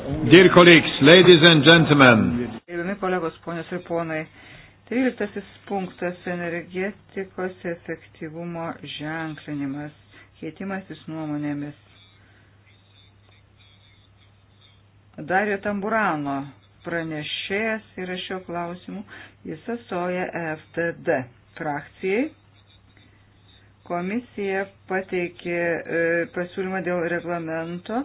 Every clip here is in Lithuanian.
Dear colleagues, ladies and gentlemen. Gerbiami kolegos, ponios ir ponai. 13 punktas - energetikos efektyvumo ženklinimas, keitimasis nuomonėmis. Dario Tamburano pranešėjas yra šio klausimu, jis asoja FTD frakcijai komisija pateikė e, pasiūlymą dėl reglamento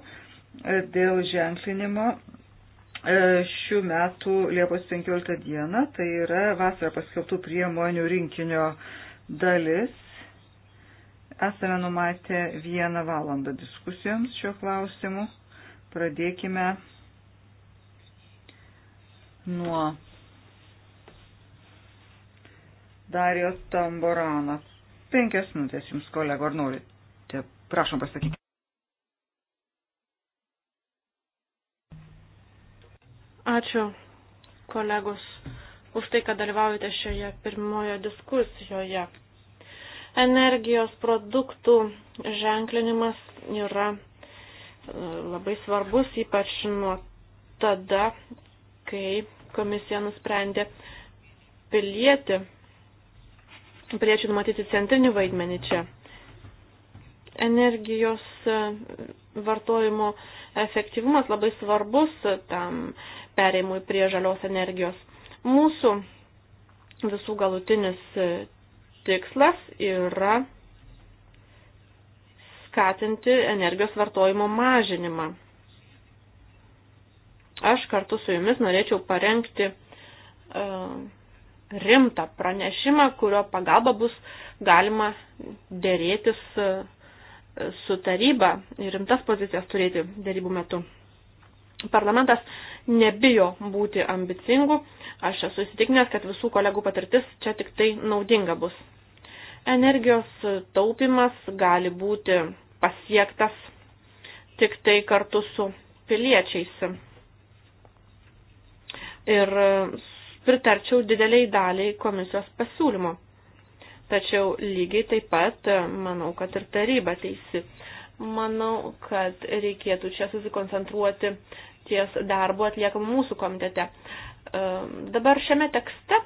E, dėl ženklinimo e, šių metų Liepos 15 dieną, tai yra vasarą paskelbtų priemonių rinkinio dalis. Esame numatę vieną valandą diskusijoms šiuo klausimu. Pradėkime nuo Darijos Tamborano. Penkias minutės jums, kolego, ar norite? Prašom pasakyti. Ačiū kolegos už tai, kad dalyvaujate šioje pirmojo diskusijoje. Energijos produktų ženklinimas yra e, labai svarbus, ypač nuo tada, kai komisija nusprendė pilietį, piliečių numatyti centrinį vaidmenį čia. Energijos e, vartojimo efektyvumas labai svarbus tam pereimui prie žalios energijos. Mūsų visų galutinis e, tikslas yra skatinti energijos vartojimo mažinimą. Aš kartu su jumis norėčiau parengti uh, rimtą pranešimą, kurio pagalba bus galima dėrėtis uh, e, su taryba ir rimtas pozicijas turėti dėrybų metu. Parlamentas nebijo būti ambicingų. Aš esu įsitikinęs, kad visų kolegų patirtis čia tik tai naudinga bus. Energijos taupimas gali būti pasiektas tik tai kartu su piliečiais. Ir pritarčiau dideliai daliai komisijos pasiūlymo. Tačiau lygiai taip pat manau, kad ir taryba teisi. Manau, kad reikėtų čia susikoncentruoti ties darbu atliekamų mūsų komitete. E, dabar šiame tekste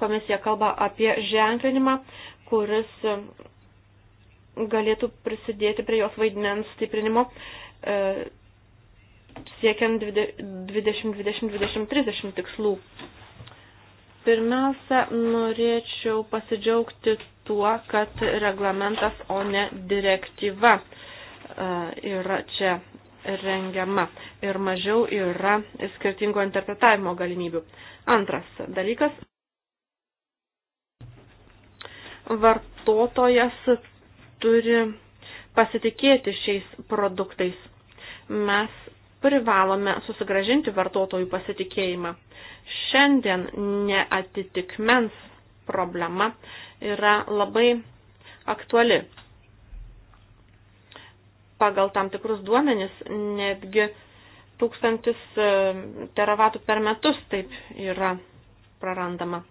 komisija kalba apie ženklinimą, kuris galėtų prisidėti prie jos vaidmens stiprinimo e, siekiant 2020-2030 tikslų. Pirmiausia, norėčiau pasidžiaugti tuo, kad reglamentas, o ne direktyva e, yra čia rengiama ir mažiau yra skirtingo interpretavimo galimybių. Antras dalykas. Vartotojas turi pasitikėti šiais produktais. Mes privalome susigražinti vartotojų pasitikėjimą. Šiandien neatitikmens problema yra labai aktuali pagal tam tikrus duomenis netgi tūkstantis e, teravatų per metus taip yra prarandama.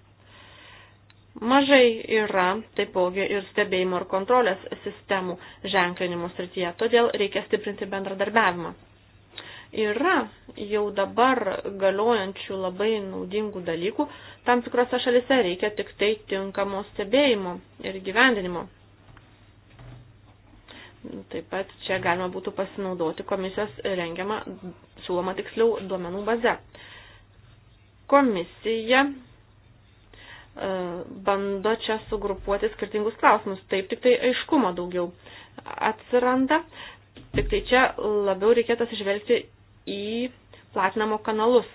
Mažai yra taipogi ir stebėjimo ir kontrolės sistemų ženklinimo srityje, todėl reikia stiprinti bendradarbiavimą. Yra jau dabar galiojančių labai naudingų dalykų, tam tikrose šalise reikia tik tai tinkamo stebėjimo ir gyvendinimo Taip pat čia galima būtų pasinaudoti komisijos rengiamą, siūloma tiksliau, duomenų bazę. Komisija e, bando čia sugrupuoti skirtingus klausimus. Taip tik tai aiškumo daugiau atsiranda. Tik tai čia labiau reikėtų atsižvelgti į platinamo kanalus.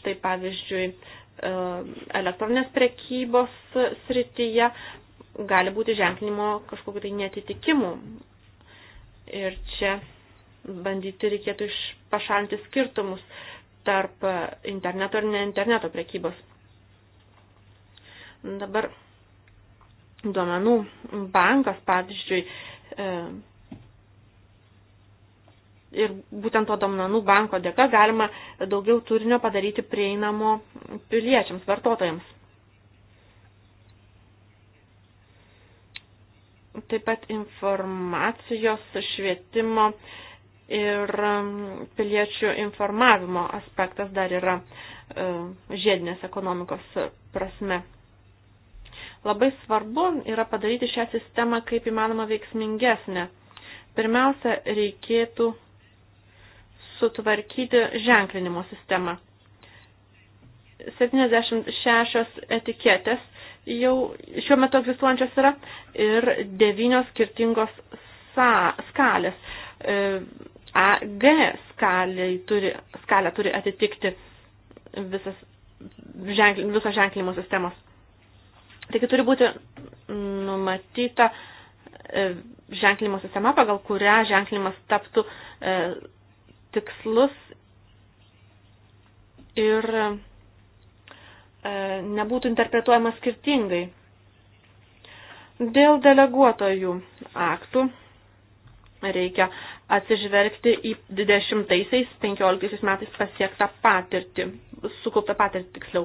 Štai pavyzdžiui, e, elektroninės prekybos srityje gali būti ženklinimo kažkokiu tai netitikimu Ir čia bandyti reikėtų iš pašalinti skirtumus tarp e, interneto ir ne interneto prekybos. Dabar duomenų bankas, pavyzdžiui, e, ir būtent to duomenų banko dėka galima daugiau turinio padaryti prieinamo piliečiams, vartotojams. taip pat informacijos švietimo ir um, piliečių informavimo aspektas dar yra um, žiedinės ekonomikos prasme. Labai svarbu yra padaryti šią sistemą kaip įmanoma veiksmingesnę. Pirmiausia, reikėtų sutvarkyti ženklinimo sistemą. 76 etiketės jau šiuo metu egzistuojančios yra ir devynios skirtingos sa, skalės. E, AG turi, skalė turi atitikti visas, ženkl, visos ženklinimo sistemos. Taigi turi būti numatyta e, ženklinimo sistema, pagal kurią ženklinimas taptų e, tikslus ir e, E, nebūtų interpretuojamas skirtingai. Dėl deleguotojų aktų reikia atsižvelgti į 20-15 metais pasiektą patirtį, sukauptą patirtį tiksliau.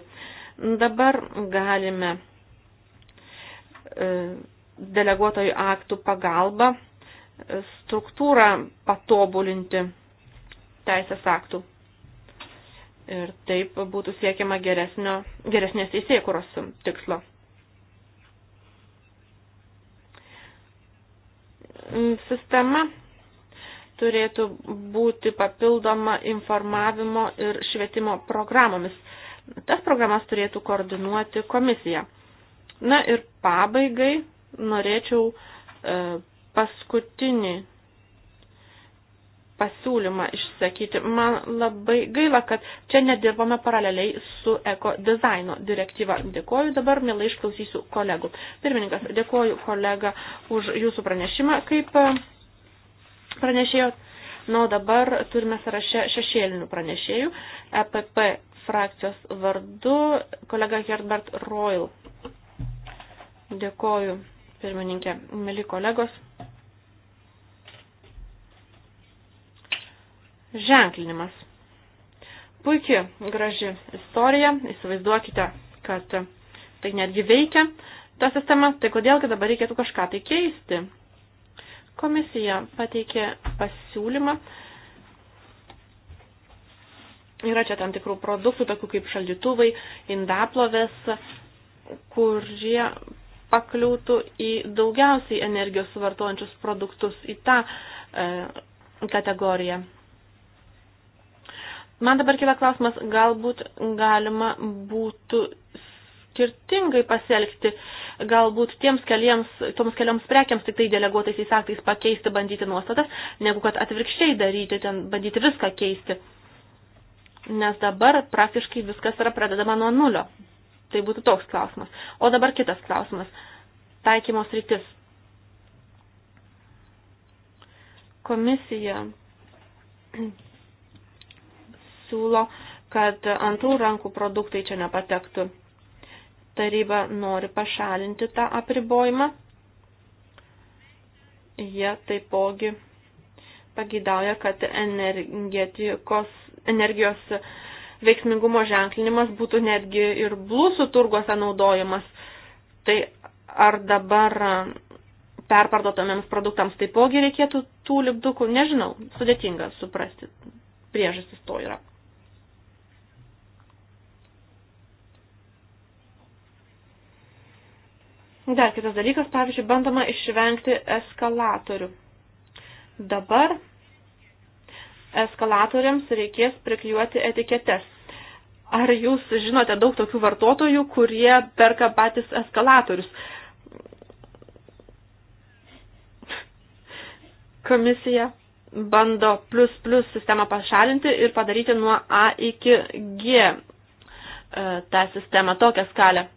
Dabar galime e, deleguotojų aktų pagalba e, struktūrą patobulinti teisės aktų ir taip būtų siekiama geresnio, geresnės teisėkuros tikslo. Sistema turėtų būti papildoma informavimo ir švietimo programomis. Tas programas turėtų koordinuoti komisija. Na ir pabaigai norėčiau e, paskutinį pasiūlymą išsakyti. Man labai gaila, kad čia nedirbame paraleliai su eko dizaino direktyva. Dėkoju, dabar mielai išklausysiu kolegų. Pirmininkas, dėkoju kolega už jūsų pranešimą, kaip e, pranešėjo. Na, o dabar turime sąraše šešėlinių pranešėjų. EPP frakcijos vardu kolega Herbert Royal. Dėkoju, pirmininkė, mėly kolegos. ženklinimas. Puikiai, graži istorija, įsivaizduokite, kad tai netgi veikia ta sistema, tai kodėlgi dabar reikėtų kažką tai keisti. Komisija pateikė pasiūlymą. Yra čia tam tikrų produktų, tokių kaip šaldytuvai, indaplovės, kurie pakliūtų į daugiausiai energijos suvartojančius produktus, į tą e, kategoriją. Man dabar kila klausimas, galbūt galima būtų skirtingai pasielgti, galbūt tiems keliams, toms kelioms prekiams tik tai deleguotaisiais aktais pakeisti, bandyti nuostatas, negu kad atvirkščiai daryti, ten bandyti viską keisti. Nes dabar praktiškai viskas yra pradedama nuo nulio. Tai būtų toks klausimas. O dabar kitas klausimas. Taikymos rytis. Komisija siūlo, kad antrų rankų produktai čia nepatektų. Taryba nori pašalinti tą apribojimą. Jie taipogi pagydauja, kad energijos veiksmingumo ženklinimas būtų netgi ir blusų turguose naudojamas. Tai ar dabar perparduotamiems produktams taipogi reikėtų tų lipdukų, nežinau, sudėtinga suprasti priežastis to yra. Dar kitas dalykas, pavyzdžiui, bandoma išvengti eskalatorių. Dabar eskalatoriams reikės priklijuoti etiketes. Ar jūs žinote daug tokių vartotojų, kurie perka patys eskalatorius? Komisija bando plus plus sistemą pašalinti ir padaryti nuo A iki G e, tą sistemą, tokią skalę.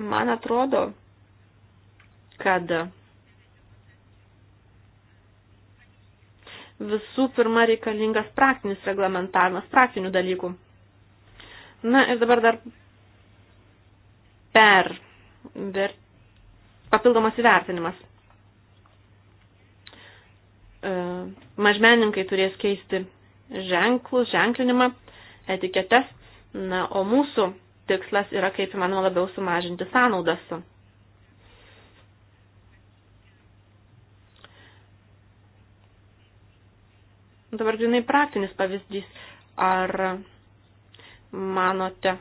Man atrodo, kad visų pirma reikalingas praktinis reglamentavimas, praktinių dalykų. Na ir dabar dar per, per papildomas įvertinimas. E, mažmeninkai turės keisti ženklus, ženklinimą, etiketes, na, o mūsų tikslas yra kaip įmanoma labiau sumažinti sąnaudas. Dabar grinai praktinis pavyzdys. Ar manote,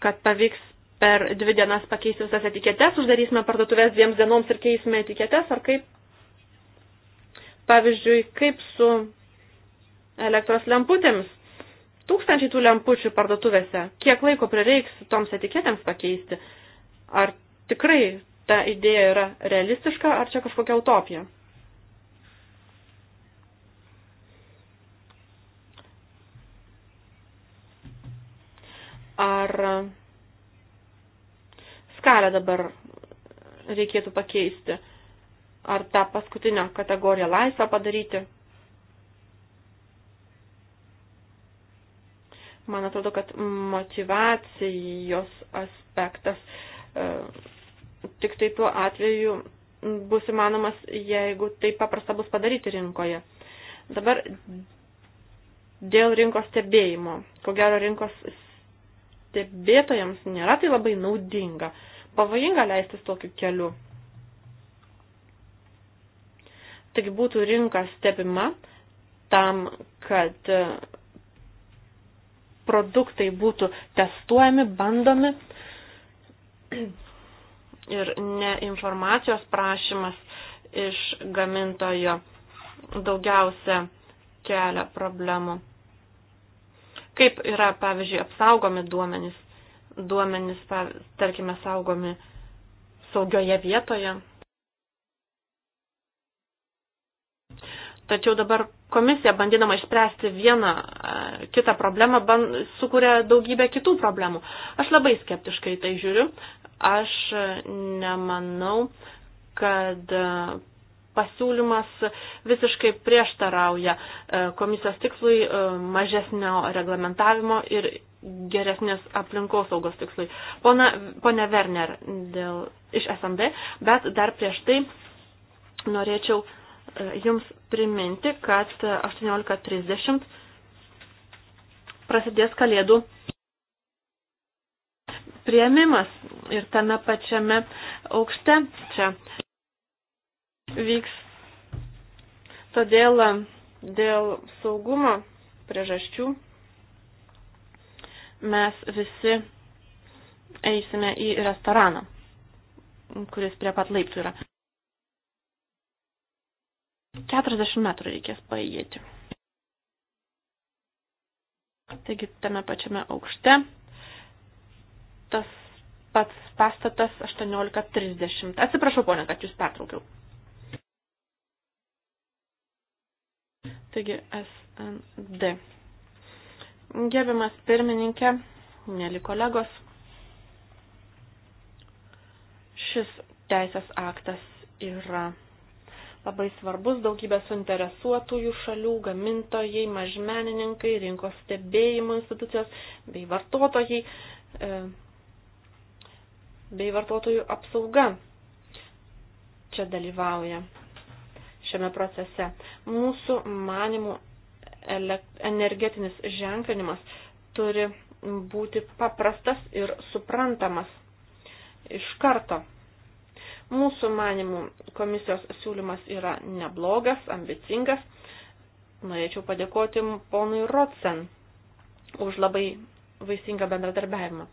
kad pavyks per dvi dienas pakeisti visas etiketes, uždarysime parduotuvės dviems dienoms ir keisime etiketes, ar kaip? Pavyzdžiui, kaip su elektros lemputėmis? tūkstančiai tų lempučių parduotuvėse, kiek laiko prireiks toms etiketėms pakeisti? Ar tikrai ta idėja yra realistiška, ar čia kažkokia utopija? Ar skalę dabar reikėtų pakeisti? Ar tą paskutinę kategoriją laisvą padaryti? Man atrodo, kad motivacijos aspektas e, tik tai tuo atveju bus įmanomas, jeigu taip paprasta bus padaryti rinkoje. Dabar dėl rinkos stebėjimo. Ko gero rinkos stebėtojams nėra tai labai naudinga. Pavojinga leistis tokiu keliu. Taigi būtų rinka stebima tam, kad produktai būtų testuojami, bandomi. Ir ne informacijos prašymas iš gamintojo daugiausia kelia problemų. Kaip yra, pavyzdžiui, apsaugomi duomenys. Duomenys, tarkime, saugomi saugioje vietoje. Tačiau dabar komisija, bandydama išspręsti vieną kitą problemą, ban, sukuria daugybę kitų problemų. Aš labai skeptiškai tai žiūriu. Aš nemanau, kad pasiūlymas visiškai prieštarauja komisijos tikslui mažesnio reglamentavimo ir geresnės aplinkos saugos tikslui. Pona, pone Werner dėl, iš SMD, bet dar prieš tai norėčiau uh, Jums priminti, kad 18.30 prasidės kalėdų prieimimas ir tame pačiame aukšte čia vyks. Todėl dėl saugumo priežasčių mes visi eisime į restoraną, kuris prie pat laiptų yra. 40 metrų reikės paėjėti. Taigi tame pačiame aukšte tas pats pastatas 18.30. Atsiprašau, ponė, kad jūs pertraukiau. Taigi SND. Gerbiamas pirmininkė, mėly kolegos, šis teisės aktas yra labai svarbus daugybė suinteresuotųjų šalių, gamintojai, mažmenininkai, rinkos stebėjimo institucijos bei vartotojai, e, bei vartotojų apsauga čia dalyvauja šiame procese. Mūsų manimų energetinis ženklinimas turi būti paprastas ir suprantamas iš karto Mūsų manimų komisijos siūlymas yra neblogas, ambicingas. Norėčiau padėkoti ponui Rotsen už labai vaisingą bendradarbiavimą.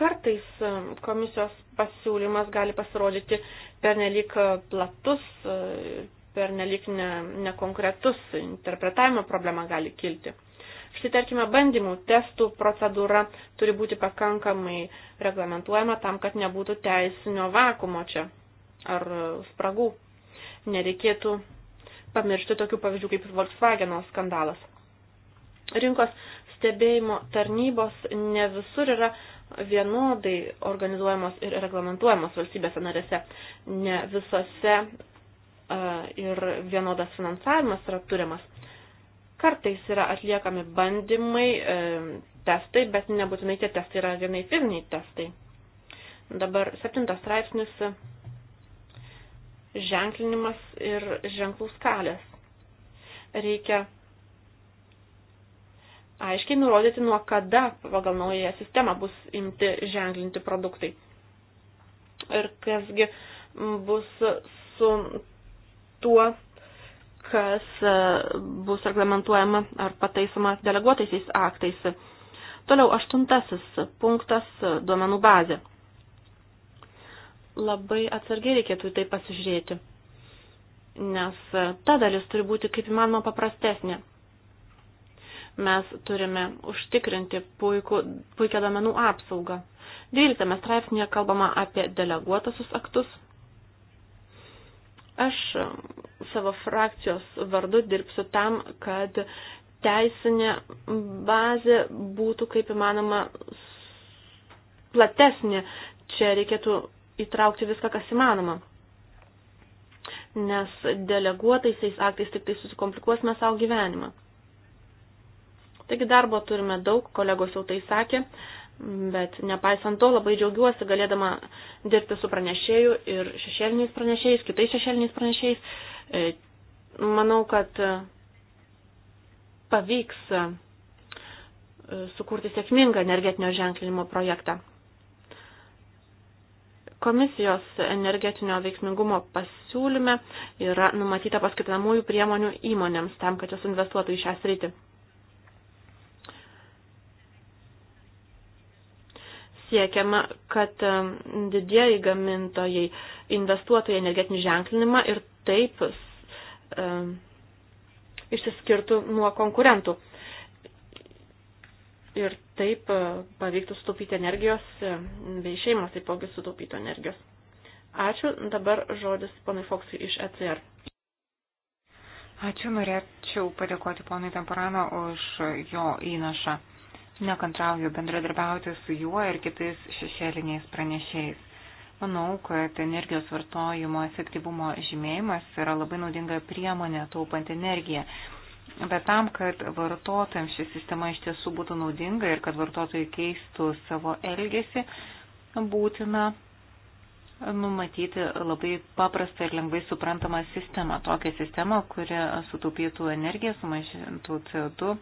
Kartais e, komisijos pasiūlymas gali pasirodyti pernelyg e, platus, e, pernelyg ne, nekonkretus, interpretavimo problema gali kilti. Štai tarkime, bandymų testų procedūra turi būti pakankamai reglamentuojama tam, kad nebūtų teisinio vakumo čia ar spragų. Nereikėtų pamiršti tokių pavyzdžių kaip Volkswageno skandalas. Rinkos stebėjimo tarnybos ne visur yra vienodai organizuojamos ir reglamentuojamos valstybėse narėse. Ne visose uh, ir vienodas finansavimas yra turimas. Kartais yra atliekami bandymai, e, testai, bet nebūtinai tie testai yra vienai fiziniai testai. Dabar septintas straipsnis ženklinimas ir ženklų skalės. Reikia aiškiai nurodyti, nuo kada pagal naują sistemą bus imti ženklinti produktai. Ir kasgi bus su tuo kas e, bus reglamentuojama ar pataisoma deleguotaisiais aktais. Toliau aštuntasis punktas – duomenų bazė. Labai atsargiai reikėtų į tai pasižiūrėti, nes ta dalis turi būti kaip įmanoma paprastesnė. Mes turime užtikrinti puikų, puikią duomenų apsaugą. 12 straipsnėje kalbama apie deleguotasius aktus – Aš um, savo frakcijos vardu dirbsiu tam, kad teisinė bazė būtų kaip įmanoma platesnė. Čia reikėtų įtraukti viską, kas įmanoma. Nes deleguotaisiais aktais tik tai susikomplikuosime savo gyvenimą. Taigi darbo turime daug, kolegos jau tai sakė, Bet nepaisant to labai džiaugiuosi galėdama dirbti su pranešėju ir šešėliniais pranešėjais, kitais šešėliniais pranešėjais. E, manau, kad e, pavyks e, sukurti sėkmingą energetinio ženklinimo projektą. Komisijos energetinio veiksmingumo pasiūlyme yra numatyta paskaitinamųjų priemonių įmonėms tam, kad jos investuotų į šią sritį. siekiama, kad didieji gamintojai investuotų į energetinį ženklinimą ir taip um, išsiskirtų nuo konkurentų. Ir taip e, pavyktų sutaupyti energijos, bei šeimos taipogi sutaupytų energijos. Ačiū, dabar žodis ponui Foksui iš ECR. Ačiū, norėčiau padėkoti ponui Temporano už jo įnašą. Nekantrauju bendradarbiauti su juo ir kitais šešėliniais pranešėjais. Manau, kad energijos vartojimo efektyvumo žymėjimas yra labai naudinga priemonė taupant energiją. Bet tam, kad vartotojams ši sistema iš tiesų būtų naudinga ir kad vartotojai keistų savo elgesį, būtina numatyti labai paprastą ir lengvai suprantamą sistemą. Tokią sistemą, kuri sutaupytų energiją, sumažintų CO2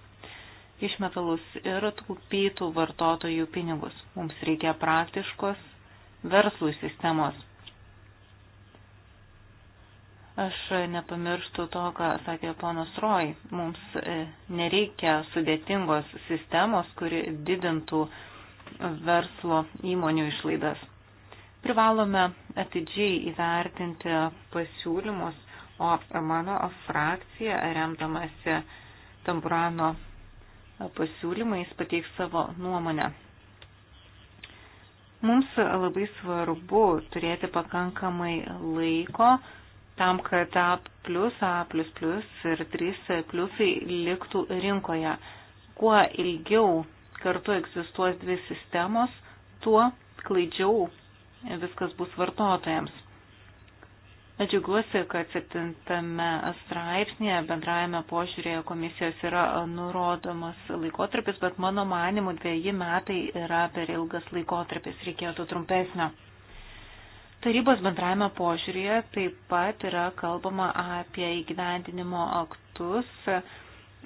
išmetalus ir taupytų vartotojų pinigus. Mums reikia praktiškos verslų sistemos. Aš nepamirštu to, ką sakė ponas Roy. Mums e, nereikia sudėtingos sistemos, kuri didintų verslo įmonių išlaidas. Privalome atidžiai įvertinti pasiūlymus, o mano frakcija, remdamasi Tamburano pasiūlymais pateiks savo nuomonę. Mums labai svarbu turėti pakankamai laiko tam, kad A, A ir 3 pliusai liktų rinkoje. Kuo ilgiau kartu egzistuos dvi sistemos, tuo klaidžiau viskas bus vartotojams. Džiuguosi, kad septintame straipsnėje bendrajame požiūrėje komisijos yra nurodomas laikotarpis, bet mano manimu dviejai metai yra per ilgas laikotarpis, reikėtų trumpesnio. Tarybos bendrajame požiūrėje taip pat yra kalbama apie įgyvendinimo aktus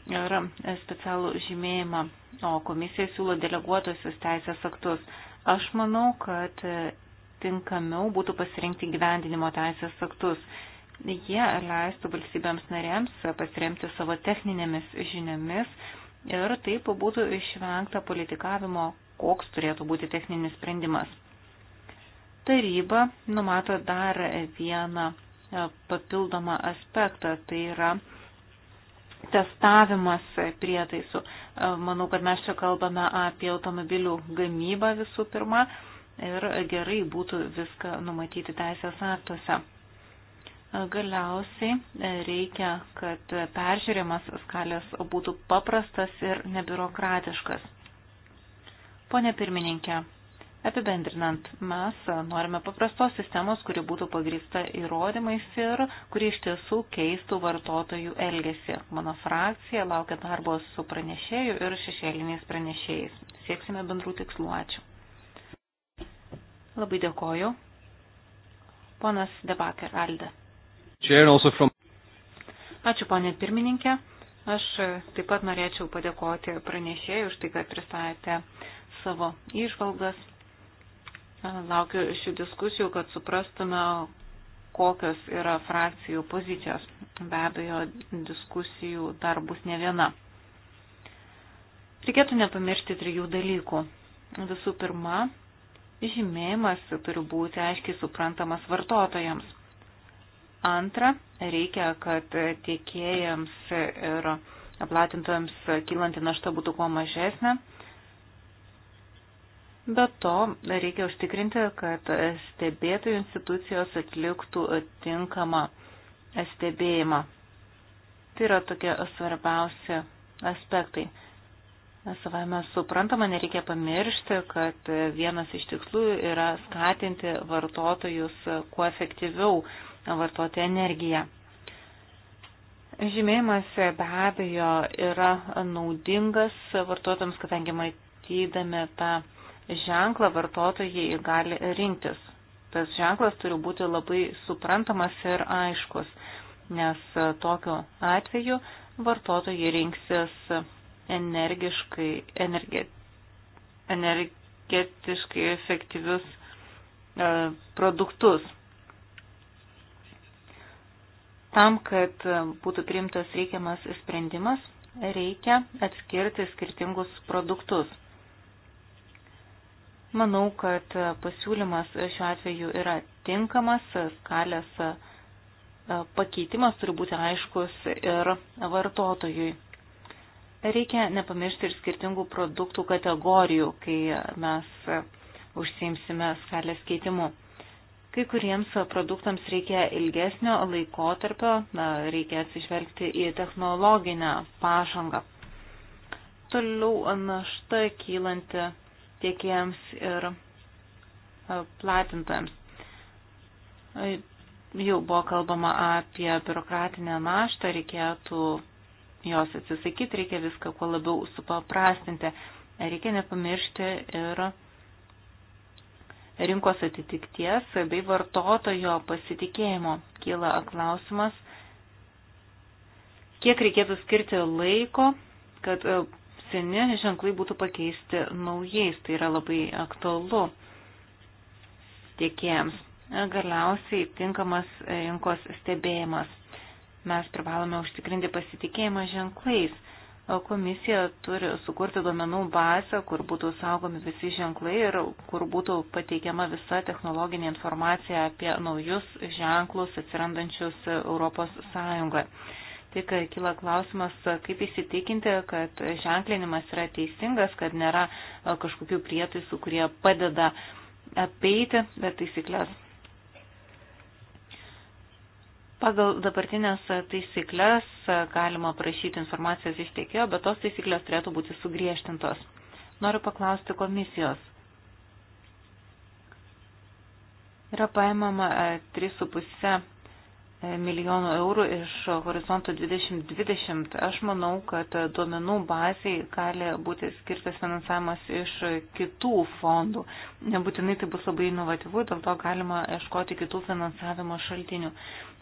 ir specialų žymėjimą, o komisija siūlo deleguotosius teisės aktus. Aš manau, kad tinkamiau būtų pasirinkti gyvendinimo teisės aktus. Jie leistų valstybėms narėms pasiremti savo techninėmis žiniomis ir taip būtų išvengta politikavimo, koks turėtų būti techninis sprendimas. Taryba numato dar vieną e, papildomą aspektą, tai yra testavimas prietaisų. E, manau, kad mes čia kalbame apie automobilių gamybą visų pirma, ir gerai būtų viską numatyti teisės aktuose. Galiausiai reikia, kad peržiūrimas skalės būtų paprastas ir nebiurokratiškas. Pone pirmininkė, apibendrinant, mes norime paprastos sistemos, kuri būtų pagrįsta įrodymais ir kuri iš tiesų keistų vartotojų elgesį. Mano frakcija laukia darbo su pranešėju ir šešėliniais pranešėjais. Sieksime bendrų tikslų. Ačiū. Labai dėkoju. Ponas Debaker, Alde. Ačiū, ponė pirmininkė. Aš taip pat norėčiau padėkoti pranešėjai už tai, kad pristatė savo išvalgas. Laukiu šių diskusijų, kad suprastume, kokios yra frakcijų pozicijos. Be abejo, diskusijų dar bus ne viena. Reikėtų nepamiršti trijų dalykų. Visų pirma, žymėjimas turi būti aiškiai suprantamas vartotojams. Antra, reikia, kad tiekėjams ir platintojams kylanti našta būtų kuo mažesnė. Be to, reikia užtikrinti, kad stebėtojų institucijos atliktų tinkamą stebėjimą. Tai yra tokie svarbiausi aspektai. Savame suprantama, nereikia pamiršti, kad vienas iš tikslų yra skatinti vartotojus kuo efektyviau vartoti energiją. Žymėjimas be abejo yra naudingas vartotojams, kadangi matydami tą ženklą vartotojai gali rinktis. Tas ženklas turi būti labai suprantamas ir aiškus, nes tokiu atveju vartotojai rinksis energiškai, energe, energetiškai efektyvius e, produktus. Tam, kad būtų priimtas reikiamas sprendimas, reikia atskirti skirtingus produktus. Manau, kad pasiūlymas šiuo atveju yra tinkamas, skalės e, pakeitimas turi būti aiškus ir vartotojui. Reikia nepamiršti ir skirtingų produktų kategorijų, kai mes užsiimsime skalės keitimu. Kai kuriems produktams reikia ilgesnio laikotarpio, reikia atsižvelgti į technologinę pažangą. Toliau našta kylanti tiekėjams ir e, platintojams. Jau buvo kalbama apie biurokratinę naštą, reikėtų jos atsisakyti, reikia viską kuo labiau supaprastinti. Reikia nepamiršti ir rinkos atitikties bei vartotojo pasitikėjimo. Kyla klausimas, kiek reikėtų skirti laiko, kad e, seni ženklai būtų pakeisti naujais. Tai yra labai aktualu tiekėjams. Galiausiai tinkamas rinkos stebėjimas. Mes privalome užtikrinti pasitikėjimą ženklais. Komisija turi sukurti duomenų bazę, kur būtų saugomi visi ženklai ir kur būtų pateikiama visa technologinė informacija apie naujus ženklus atsirandančius Europos Sąjungoje. Tik kyla klausimas, kaip įsitikinti, kad ženklinimas yra teisingas, kad nėra kažkokių prietaisų, kurie padeda apeiti taisyklės. Pagal dabartinės taisyklės e, galima prašyti informacijos iš tiekėjo, bet tos taisyklės turėtų būti sugriežtintos. Noriu paklausti komisijos. Yra paimama 3,5 e, milijonų eurų iš horizonto 2020. Aš manau, kad duomenų baziai gali būti skirtas finansavimas iš kitų fondų. Nebūtinai tai bus labai inovatyvu, dėl to galima ieškoti kitų finansavimo šaltinių.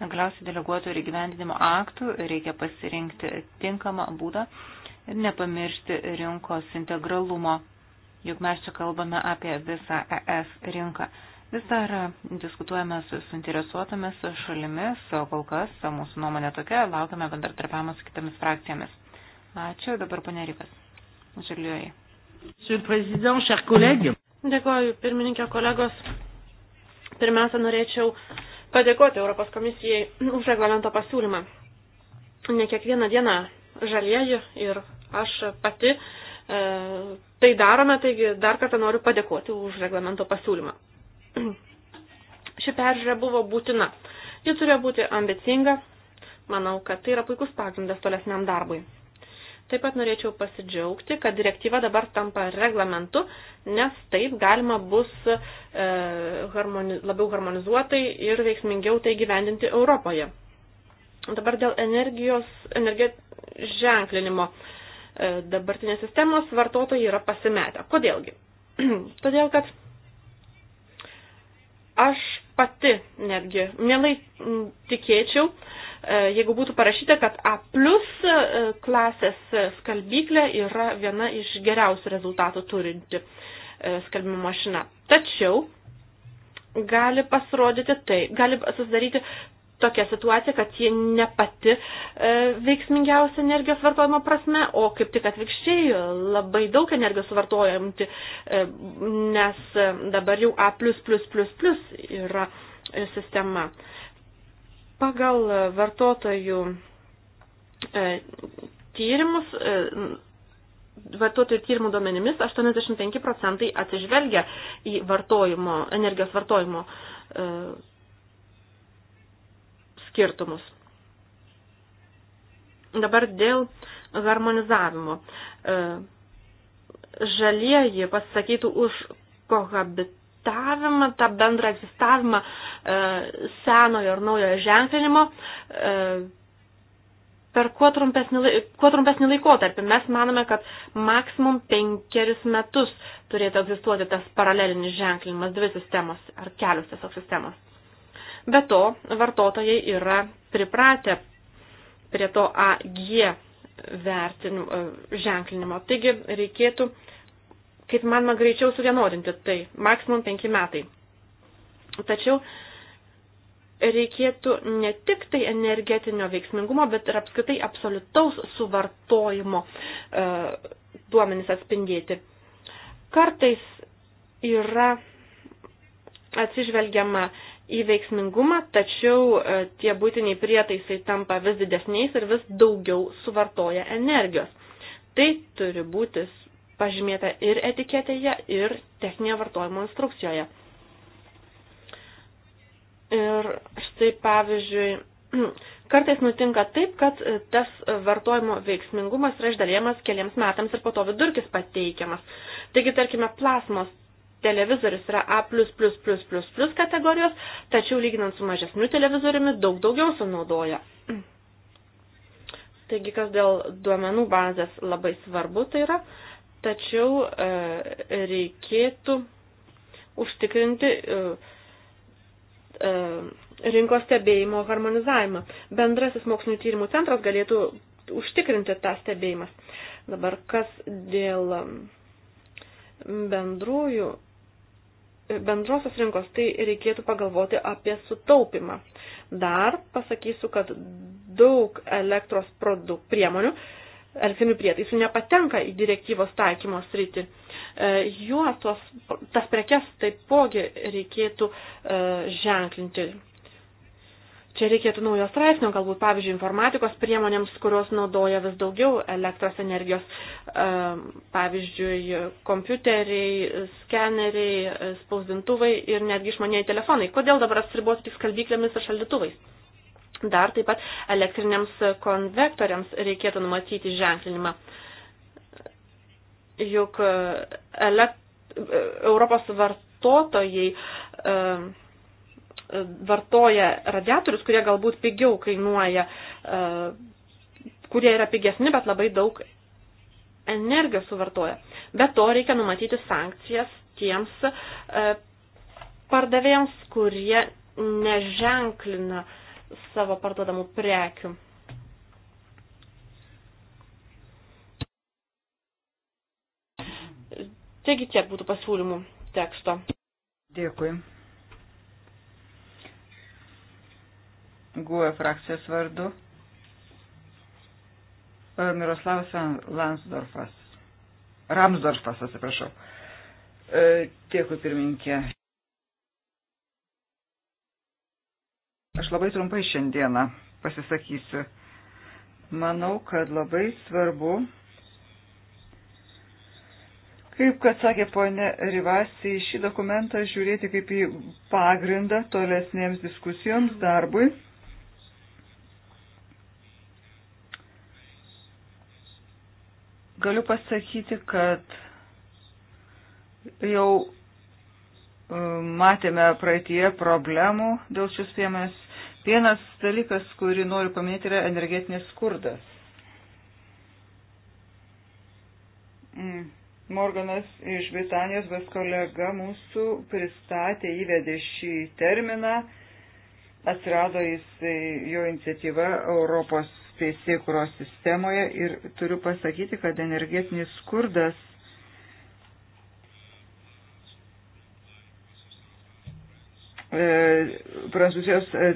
Galiausiai deleguotų ir gyvendinimo aktų reikia pasirinkti tinkamą būdą ir nepamiršti rinkos integralumo, juk mes čia kalbame apie visą ES rinką. Vis dar diskutuojame su suinteresuotomis šalimis, o kol kas mūsų nuomonė tokia, laukiame bendratarpiamą su kitomis frakcijomis. Ačiū, dabar ponė Rykas. Žiūrėjai. Dėkoju, pirmininkė kolegos. Pirmiausia, norėčiau padėkoti Europos komisijai už reglamento pasiūlymą. Ne kiekvieną dieną žalieji ir aš pati e, tai darome, taigi dar kartą noriu padėkoti už reglamento pasiūlymą. Ši peržiūra buvo būtina. Ji turėjo būti ambicinga. Manau, kad tai yra puikus pagrindas tolesniam darbui. Taip pat norėčiau pasidžiaugti, kad direktyva dabar tampa reglamentu, nes taip galima bus e, harmoni, labiau harmonizuotai ir veiksmingiau tai gyvendinti Europoje. Dabar dėl energijos energi, ženklinimo e, dabartinės sistemos vartotojai yra pasimetę. Kodėlgi? Todėl, kad Aš pati netgi mielai tikėčiau, e, jeigu būtų parašyta, kad A plus e, klasės skalbyklė yra viena iš geriausių rezultatų turinti e, skalbimo mašina. Tačiau gali pasirodyti tai, gali susidaryti tokia situacija, kad ji ne pati e, veiksmingiausia energijos vartojimo prasme, o kaip tik atvirkščiai labai daug energijos suvartojanti, e, nes e, dabar jau A yra e, sistema. Pagal vartotojų e, tyrimus. E, vartotojų tyrimų duomenimis 85 procentai atsižvelgia į vartojimo, energijos vartojimo e, skirtumus. Dabar dėl harmonizavimo. E, žalieji pasakytų už kohabitavimą, tą bendrą egzistavimą e, senojo ir naujojo ženklinimo e, per kuo trumpesnį, kuo trumpesnį laikotarpį. Mes manome, kad maksimum penkerius metus turėtų egzistuoti tas paralelinis ženklinimas, dvi sistemos ar kelios tiesiog sistemos. Be to, vartotojai yra pripratę prie to AG vertinimo, e, ženklinimo. Taigi reikėtų, kaip manoma, greičiau suvienodinti tai, maksimum penki metai. Tačiau reikėtų ne tik tai energetinio veiksmingumo, bet ir apskritai absoliutaus suvartojimo e, duomenis atspindėti. Kartais yra atsižvelgiama į veiksmingumą, tačiau e, tie būtiniai prietaisai tampa vis didesniais ir vis daugiau suvartoja energijos. Tai turi būti pažymėta ir etiketėje, ir techninėje vartojimo instrukcijoje. Ir štai pavyzdžiui, kartais nutinka taip, kad e, tas vartojimo veiksmingumas yra išdalėjamas keliams metams ir po to vidurkis pateikiamas. Taigi, tarkime, plasmos televizorius yra A+++++ kategorijos, tačiau lyginant su mažesniu televizoriumi daug daugiau sunaudoja. Taigi, kas dėl duomenų bazės labai svarbu tai yra, tačiau e, reikėtų užtikrinti e, e, rinkos stebėjimo harmonizavimą. Bendrasis mokslinių tyrimų centras galėtų užtikrinti tą stebėjimą. Dabar kas dėl bendrųjų bendrosios rinkos, tai reikėtų pagalvoti apie sutaupimą. Dar pasakysiu, kad daug elektros produk, priemonių, elektrinių prietaisų nepatenka į direktyvos taikymo sritį. E, juos tos, tas prekes taipogi reikėtų e, ženklinti Čia reikėtų naujo straipsnio, galbūt, pavyzdžiui, informatikos priemonėms, kurios naudoja vis daugiau elektros energijos, e, pavyzdžiui, kompiuteriai, skeneriai, e, spausdintuvai ir netgi išmaniai telefonai. Kodėl dabar apsiriboti tik skalbyklėmis ir šaldytuvais? Dar taip pat elektriniams konvektoriams reikėtų numatyti ženklinimą. Juk e, elekt... Europos vartotojai uh, E, vartoja radiatorius, kurie galbūt pigiau kainuoja, e, kurie yra pigesni, bet labai daug energijos suvartoja. Be to reikia numatyti sankcijas tiems e, pardavėjams, kurie neženklina savo parduodamų prekių. Taigi tiek būtų pasiūlymų teksto. Dėkui. GUE frakcijos vardu e, Miroslavas Lansdorfas. Ramsdorfas, atsiprašau. E, dėkui pirminkė. Aš labai trumpai šiandieną pasisakysiu. Manau, kad labai svarbu, kaip kad sakė ponė Rivasi, šį dokumentą žiūrėti kaip į pagrindą tolesnėms diskusijoms darbui Galiu pasakyti, kad jau e, matėme praeitie problemų dėl šios priemonės. Vienas dalykas, kurį noriu paminėti, yra energetinis skurdas. Mm. Morganas iš Britanijos, bas kolega mūsų, pristatė, įvedė šį terminą, atsirado jis jo iniciatyva Europos teisėkuros sistemoje ir turiu pasakyti, kad energetinis skurdas e, Prancūzijos e,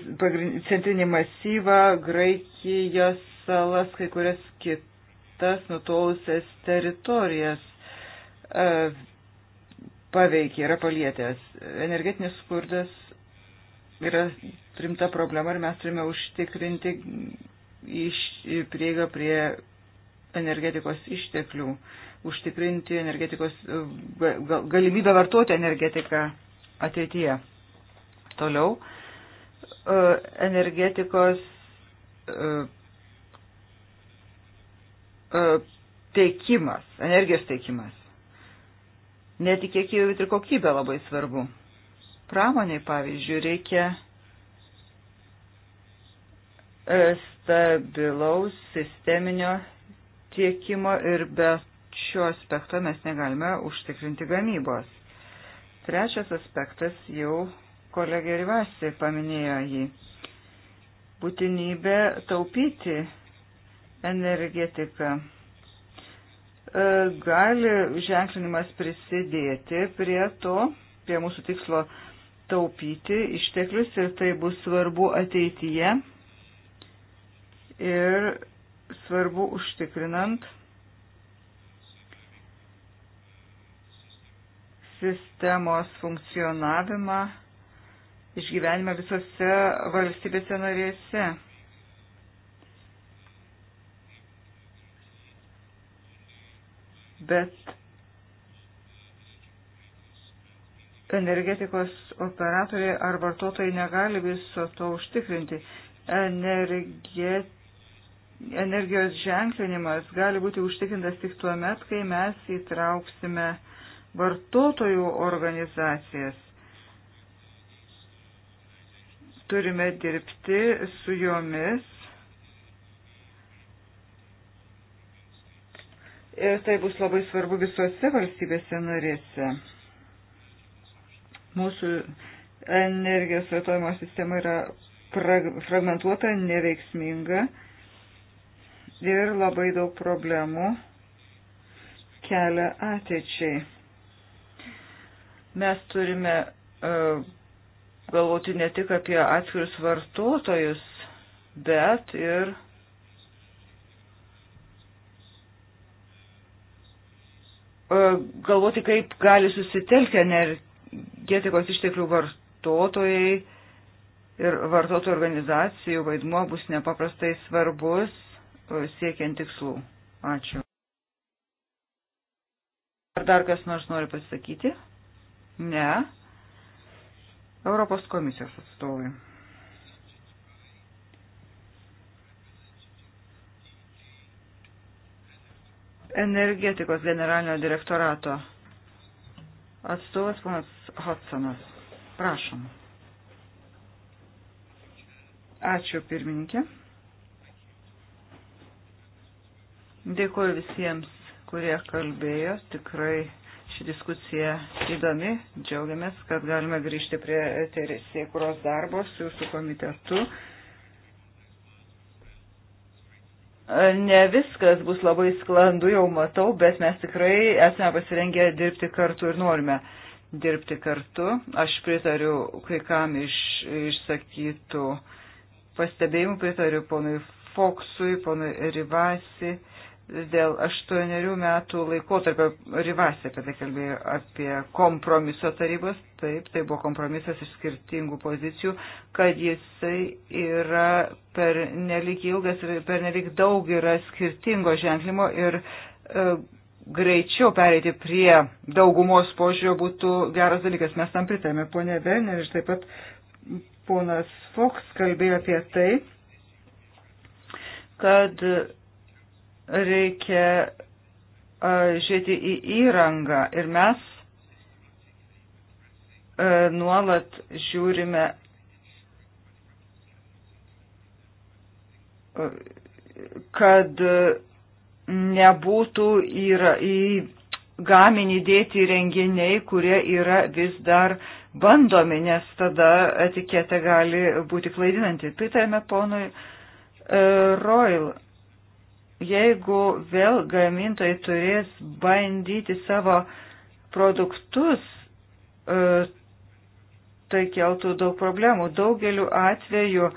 centrinį masyvą, Graikijos salas, kai kurias kitas nutolusias teritorijas e, paveikė, yra palietęs. Energetinis skurdas yra rimta problema ir mes turime užtikrinti iš, prieigą prie energetikos išteklių, užtikrinti energetikos e, galimybę vartoti energetiką ateityje. Toliau e, energetikos e, teikimas, energijos teikimas. Ne tik kiekybė, bet ir kokybė labai svarbu. Pramoniai, pavyzdžiui, reikia E, stabilaus sisteminio tiekimo ir be šio aspekto mes negalime užtikrinti gamybos. Trečias aspektas jau kolegė Rivasi paminėjo jį. Būtinybė taupyti energetiką. E, gali ženklinimas prisidėti prie to, prie mūsų tikslo taupyti išteklius ir tai bus svarbu ateityje ir svarbu užtikrinant sistemos funkcionavimą išgyvenimą visose valstybėse narėse. Bet energetikos operatoriai ar vartotojai negali viso to užtikrinti. Energetikos energijos ženklinimas gali būti užtikrintas tik tuo met, kai mes įtrauksime vartotojų organizacijas. Turime dirbti su jomis ir tai bus labai svarbu visose valstybėse norėse. Mūsų energijos vartojimo sistema yra fragmentuota, neveiksminga ir labai daug problemų kelia ateičiai. Mes turime uh, galvoti ne tik apie atskirius vartotojus, bet ir e, galvoti, kaip gali susitelkti energetikos išteklių vartotojai ir vartotojų organizacijų vaidmuo bus nepaprastai svarbus siekiant tikslų. Ačiū. Ar dar kas nors nori pasakyti? Ne. Europos komisijos atstovai. energetikos generalinio direktorato atstovas ponas Hodsonas. Prašom. Ačiū pirmininkė. Dėkuoju visiems, kurie kalbėjo. Tikrai ši diskusija įdomi. Džiaugiamės, kad galime grįžti prie teisėkuros darbo su jūsų komitetu. Ne viskas bus labai sklandu, jau matau, bet mes tikrai esame pasirengę dirbti kartu ir norime dirbti kartu. Aš pritariu kai kam iš, išsakytų pastebėjimų, pritariu ponui Foksui, ponui Rivasi dėl aštuonerių metų laikotarpio Rivasi apie tai kalbėjo, apie kompromiso tarybos, taip, tai buvo kompromisas iš skirtingų pozicijų, kad jisai yra per nelik ilgas ir per nelik daug yra skirtingo ženklimo ir e, greičiau pereiti prie daugumos požiūrio būtų geras dalykas. Mes tam pritarėme, ponė Werner ir taip pat ponas Fox kalbėjo apie tai, kad Reikia žiūrėti į įrangą ir mes nuolat žiūrime kad nebūtų yra, į gaminį dėti renginiai, kurie yra vis dar bandomi, nes tada etiketė gali būti klaidinanti. Pritarėme ponui e, Royal. Jeigu vėl gamintojai turės bandyti savo produktus, e, tai keltų daug problemų. Daugeliu atveju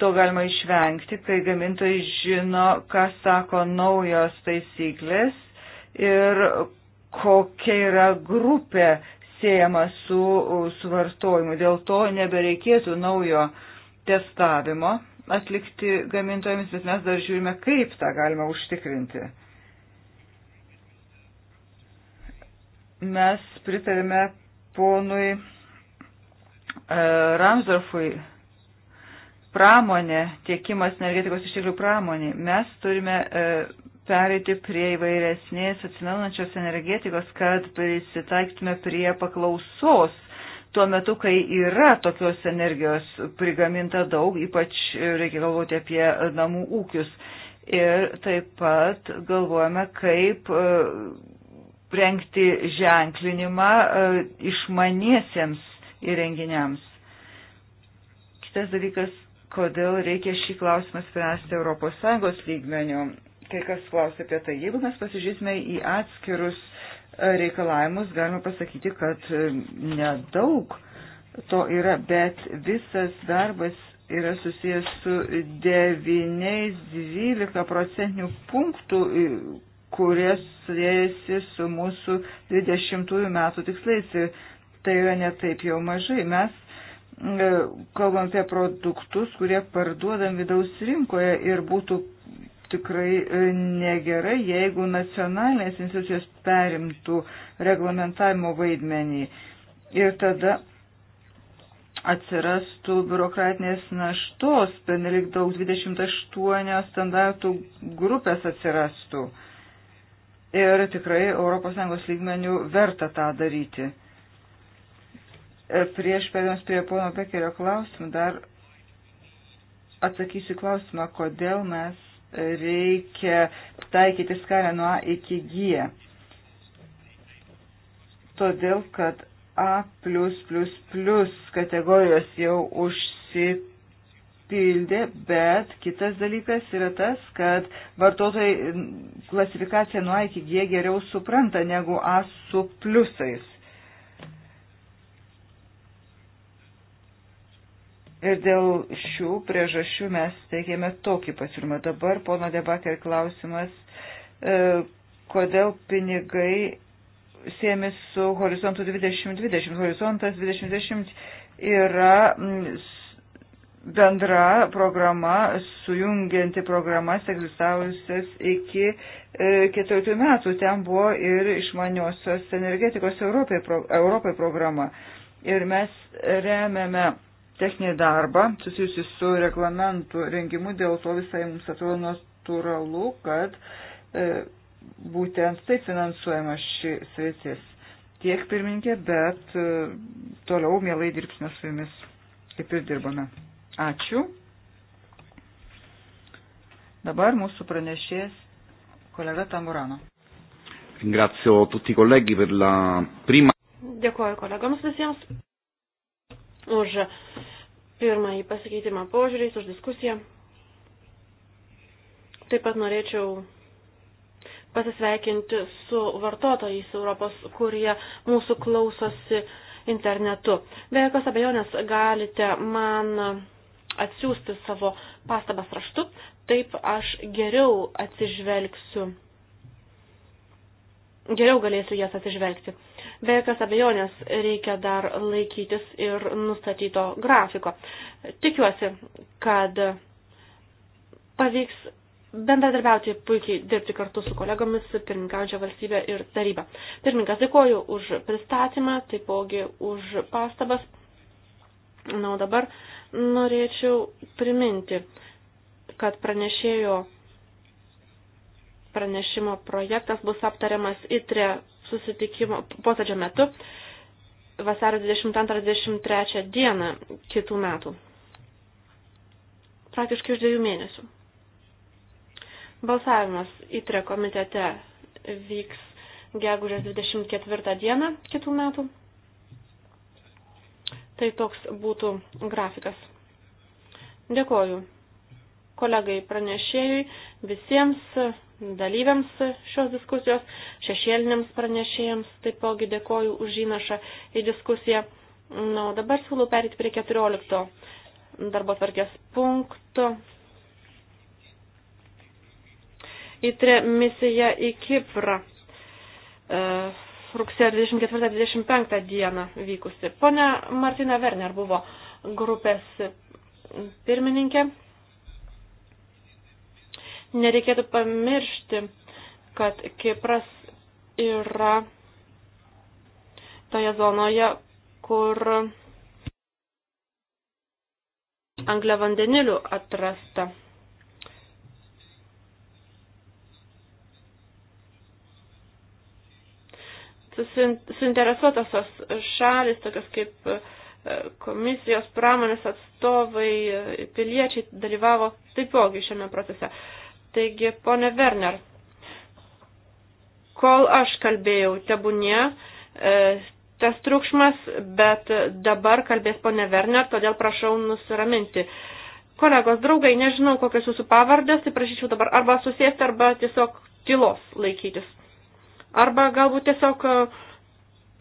to galima išvengti, kai gamintojai žino, ką sako naujos taisyklės ir kokia yra grupė siejama su suvartojimu. Dėl to nebereikėtų naujo testavimo atlikti gamintojams, bet mes dar žiūrime, kaip tą galima užtikrinti. Mes pritarėme ponui e, Ramsdorfui pramonė, tiekimas energetikos išteklių pramonė. Mes turime e, pereiti prie įvairesnės atsinaujančios energetikos, kad prisitaiktume prie paklausos tuo metu, kai yra tokios energijos prigaminta daug, ypač reikia galvoti apie namų ūkius. Ir taip pat galvojame, kaip e, rengti ženklinimą e, išmaniesiems įrenginiams. Kitas dalykas, kodėl reikia šį klausimą spręsti ES lygmenių. Kai kas klausė apie tai. Jeigu mes pasižiūrėsime į atskirus reikalavimus, galima pasakyti, kad nedaug to yra, bet visas darbas yra susijęs su 9-12 procentinių punktų, kurie susijęsi su mūsų 20 metų tikslais. Ir tai yra netaip jau mažai. Mes e, kalbam apie produktus, kurie parduodam vidaus rinkoje ir būtų tikrai e, negerai, jeigu nacionalinės institucijos perimtų reglamentavimo vaidmenį. Ir tada atsirastų biurokratinės naštos, penelik daug 28 standartų grupės atsirastų. Ir tikrai ES lygmenių verta tą daryti. E, prieš perėmus prie pono Bekerio klausimų dar atsakysiu klausimą, kodėl mes reikia taikyti skalę nuo A iki G. Todėl, kad A kategorijos jau užsipildė, bet kitas dalykas yra tas, kad vartotojai klasifikaciją nuo A iki G geriau supranta negu A su pliusais. Ir dėl šių priežasčių mes teikėme tokį pasiūlymą. Dabar, pono Debaker, klausimas, e, kodėl pinigai siemi su horizontu 2020. Horizontas 2020 yra bendra programa, sujungianti programas egzistavusias iki 14 e, metų. Ten buvo ir išmaniosios energetikos Europai, Europai programa. Ir mes remiame techninį darbą susijusi su reglamentų rengimu, dėl to visai mums atrodo natūralu, kad e, būtent taip finansuojama ši sritis. Tiek pirmininkė, bet e, toliau mielai dirbsime su jumis, kaip ir dirbame. Ačiū. Dabar mūsų pranešės kolega Tamburano. Ringrazio tutti i colleghi per la prima. Dėkuoju kolegams visiems už pirmąjį pasikeitimą požiūriais, už diskusiją. Taip pat norėčiau pasisveikinti su vartotojais Europos, kurie mūsų klausosi internetu. Be jokios abejonės galite man atsiųsti savo pastabas raštu, taip aš geriau atsižvelgsiu, geriau galėsiu jas atsižvelgti. Be jokios abejonės reikia dar laikytis ir nustatyto grafiko. Tikiuosi, kad pavyks bendradarbiauti puikiai dirbti kartu su kolegomis, pirmininkaujančia valstybė ir taryba. Pirmininkas, dėkoju už pristatymą, taipogi už pastabas. Na, o dabar norėčiau priminti, kad pranešėjo pranešimo projektas bus aptariamas ITRE susitikimo posėdžio metu vasario 22-23 dieną kitų metų. Praktiškai už dviejų mėnesių. Balsavimas įtre komitete vyks gegužės 24 dieną kitų metų. Tai toks būtų grafikas. Dėkoju kolegai pranešėjui, visiems dalyviams šios diskusijos, šešėliniams pranešėjams, taipogi dėkoju už įnašą į diskusiją. Na, o dabar siūlau perėti prie 14 darbo tvarkės punktų. Įtrė misija į Kiprą. E, rugsėjo 24-25 dieną vykusi. Pone Martina Werner buvo grupės pirmininkė. Nereikėtų pamiršti, kad Kipras yra toje zonoje, kur angliavandenilių atrasta. Suinteresuotosios šalis, tokios kaip e, komisijos pramonės atstovai, piliečiai dalyvavo taipogi šiame procese. Taigi, ponė Werner, kol aš kalbėjau tebūnie, e, tas triukšmas, bet dabar kalbės ponė Werner, todėl prašau nusiraminti. Kolegos, draugai, nežinau, kokios jūsų pavardės, tai prašyčiau dabar arba susėsti, arba tiesiog tylos laikytis. Arba galbūt tiesiog e,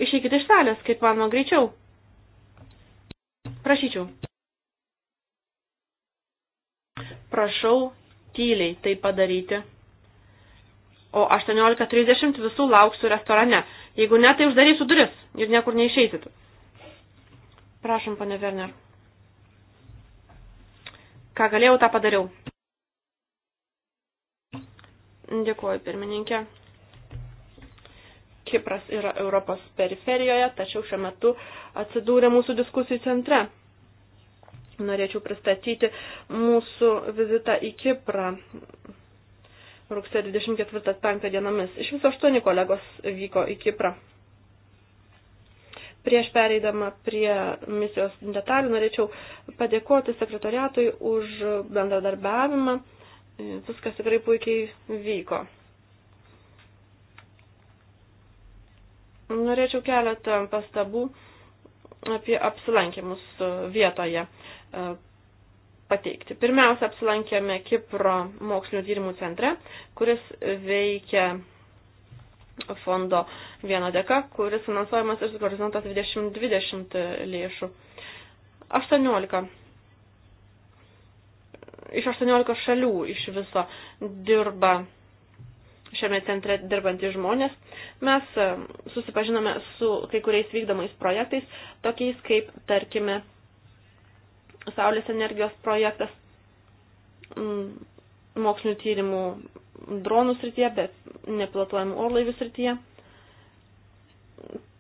išeikite iš salės, kaip mano greičiau. Prašyčiau. Prašau tyliai tai padaryti. O 18.30 visų lauksiu restorane. Jeigu ne, tai uždarysiu duris ir niekur neišeisit. Prašom, pane Werner. Ką galėjau, tą padariau. Dėkuoju, pirmininkė. Kipras yra Europos periferijoje, tačiau šiuo metu atsidūrė mūsų diskusijų centre norėčiau pristatyti mūsų vizitą į Kiprą rugsėjo 24-5 dienomis. Iš viso aštuoni kolegos vyko į Kiprą. Prieš pereidama prie misijos detalių norėčiau padėkoti sekretoriatui už bendradarbiavimą. Viskas tikrai puikiai vyko. Norėčiau keletą pastabų apie apsilankimus vietoje. E, pateikti. Pirmiausia, apsilankėme Kipro mokslinio tyrimų centre, kuris veikia fondo vieno dėka, kuris finansuojamas iš horizontas 2020 lėšų. 18. Iš 18 šalių iš viso dirba šiame centre dirbantys žmonės. Mes e, susipažinome su kai kuriais vykdomais projektais, tokiais kaip, tarkime, saulės energijos projektas mm, mokslinių tyrimų dronų srityje, bet neplatuojamų orlaivių srityje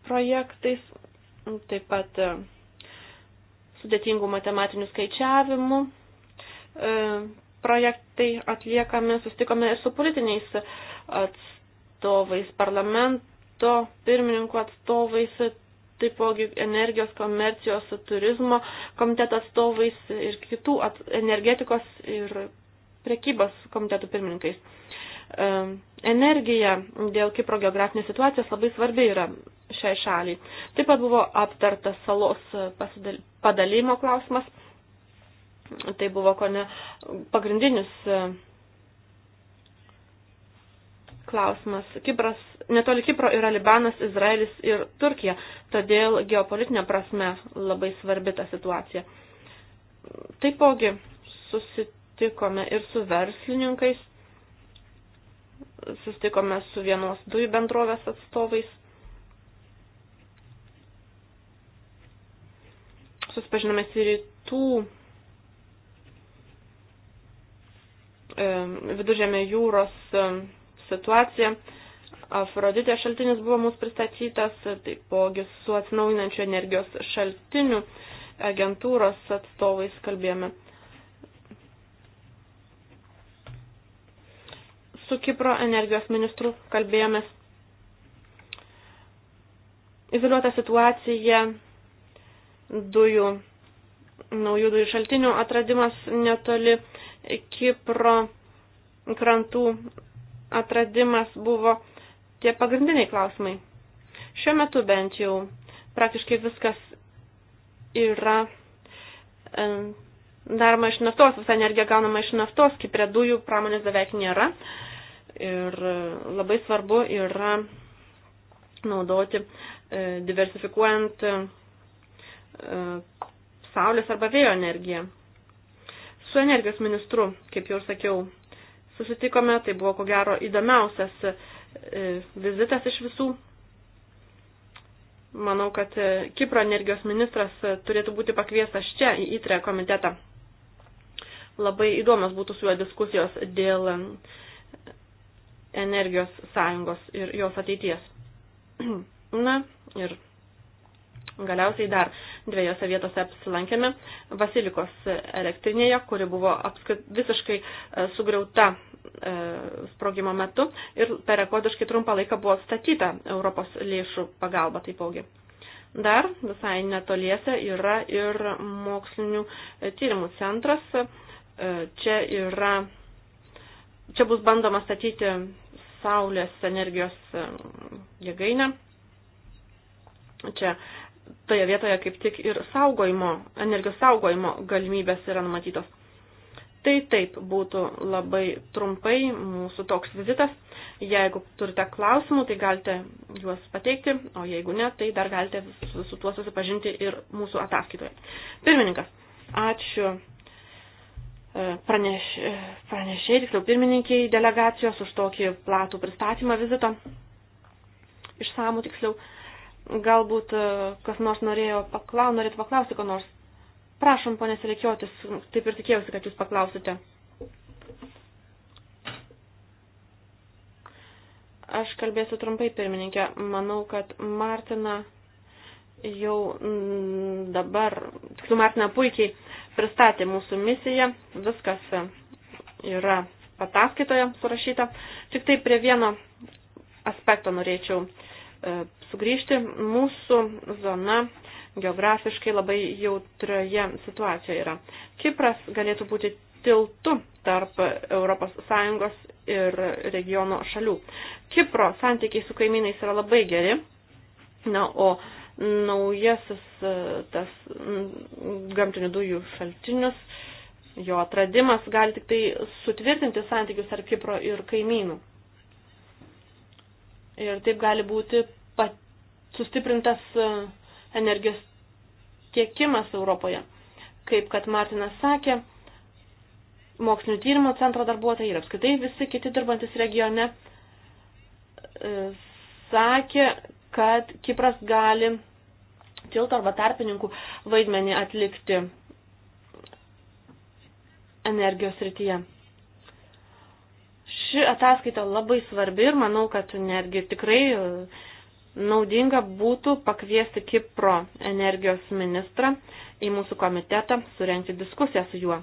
projektais, taip pat e, sudėtingų matematinių skaičiavimų e, projektai atliekami, sustikome ir su politiniais atstovais, parlamento pirmininkų atstovais, taipogi energijos komercijos turizmo komiteto atstovais ir kitų at, energetikos ir prekybos komitetų pirmininkais. Energija dėl Kipro geografinės situacijos labai svarbi yra šiai šaliai. Taip pat buvo aptartas salos padalymo klausimas. Tai buvo kone pagrindinis klausimas. Kipras, netoli Kipro yra Libanas, Izraelis ir Turkija, todėl geopolitinė prasme labai svarbi ta situacija. Taipogi susitikome ir su verslininkais, susitikome su vienos dujų bendrovės atstovais, susipažinome su rytų e, viduržėmė jūros e, situaciją. Afroditė šaltinis buvo mums pristatytas, taipogi su atsinaujinančių energijos šaltinių agentūros atstovais kalbėjome. Su Kipro energijos ministru kalbėjomės. Izoliuota situacija dujų, naujų dujų šaltinių atradimas netoli Kipro krantų atradimas buvo tie pagrindiniai klausimai. Šiuo metu bent jau praktiškai viskas yra e, daroma iš naftos, visa energija gaunama iš naftos, kaip prie dujų pramonės beveik nėra. Ir e, labai svarbu yra naudoti e, diversifikuojant saulės arba vėjo energiją. Su energijos ministru, kaip jau sakiau, susitikome, tai buvo ko gero įdomiausias e, vizitas iš visų. Manau, kad e, Kipro energijos ministras e, turėtų būti pakviestas čia į ITRE komitetą. Labai įdomas būtų su juo diskusijos dėl energijos sąjungos ir jos ateities. Na ir Galiausiai dar dviejose vietose apsilankėme Vasilikos elektrinėje, kuri buvo apskrit, visiškai e, sugriauta e, sprogimo metu ir per rekordiškai trumpą laiką buvo statyta Europos lėšų pagalba taipogi. Dar visai netoliese yra ir mokslinių e, tyrimų centras. Čia yra, čia bus bandoma statyti saulės energijos jėgainę. Čia toje vietoje kaip tik ir saugojimo, energijos saugojimo galimybės yra numatytos. Tai taip būtų labai trumpai mūsų toks vizitas. Jeigu turite klausimų, tai galite juos pateikti, o jeigu ne, tai dar galite su tuo susipažinti ir mūsų ataskaitoje. Pirmininkas, ačiū e, praneš, e, pranešėjai, tiksliau pirmininkiai delegacijos už tokį platų pristatymą vizito, išsamų tiksliau. Galbūt e, kas nors norėjo paklau, norėtų paklausti, ko nors. Prašom, ponės Reikiotis, taip ir tikėjausi, kad jūs paklausite. Aš kalbėsiu trumpai, pirmininkė. Manau, kad Martina jau mm, dabar, tiksliau Martina puikiai pristatė mūsų misiją, viskas yra ataskaitoje surašyta. Tik tai prie vieno aspekto norėčiau uh, E, sugrįžti. Mūsų zona geografiškai labai jautrioje situacijoje yra. Kipras galėtų būti tiltu tarp ES ir regiono šalių. Kipro santykiai su kaimynais yra labai geri, na, o naujasis e, tas gamtinių dujų šaltinius, jo atradimas gali tik tai sutvirtinti santykius tarp Kipro ir kaimynų ir taip gali būti sustiprintas e, energijos tiekimas Europoje. Kaip kad Martinas sakė, mokslinio tyrimo centro darbuotojai ir apskaitai visi kiti dirbantis regione e, sakė, kad Kipras gali tilto arba tarpininkų vaidmenį atlikti energijos rytyje. Ši ataskaita labai svarbi ir manau, kad netgi tikrai e, naudinga būtų pakviesti Kipro energijos ministrą į mūsų komitetą, surenkti diskusiją su juo.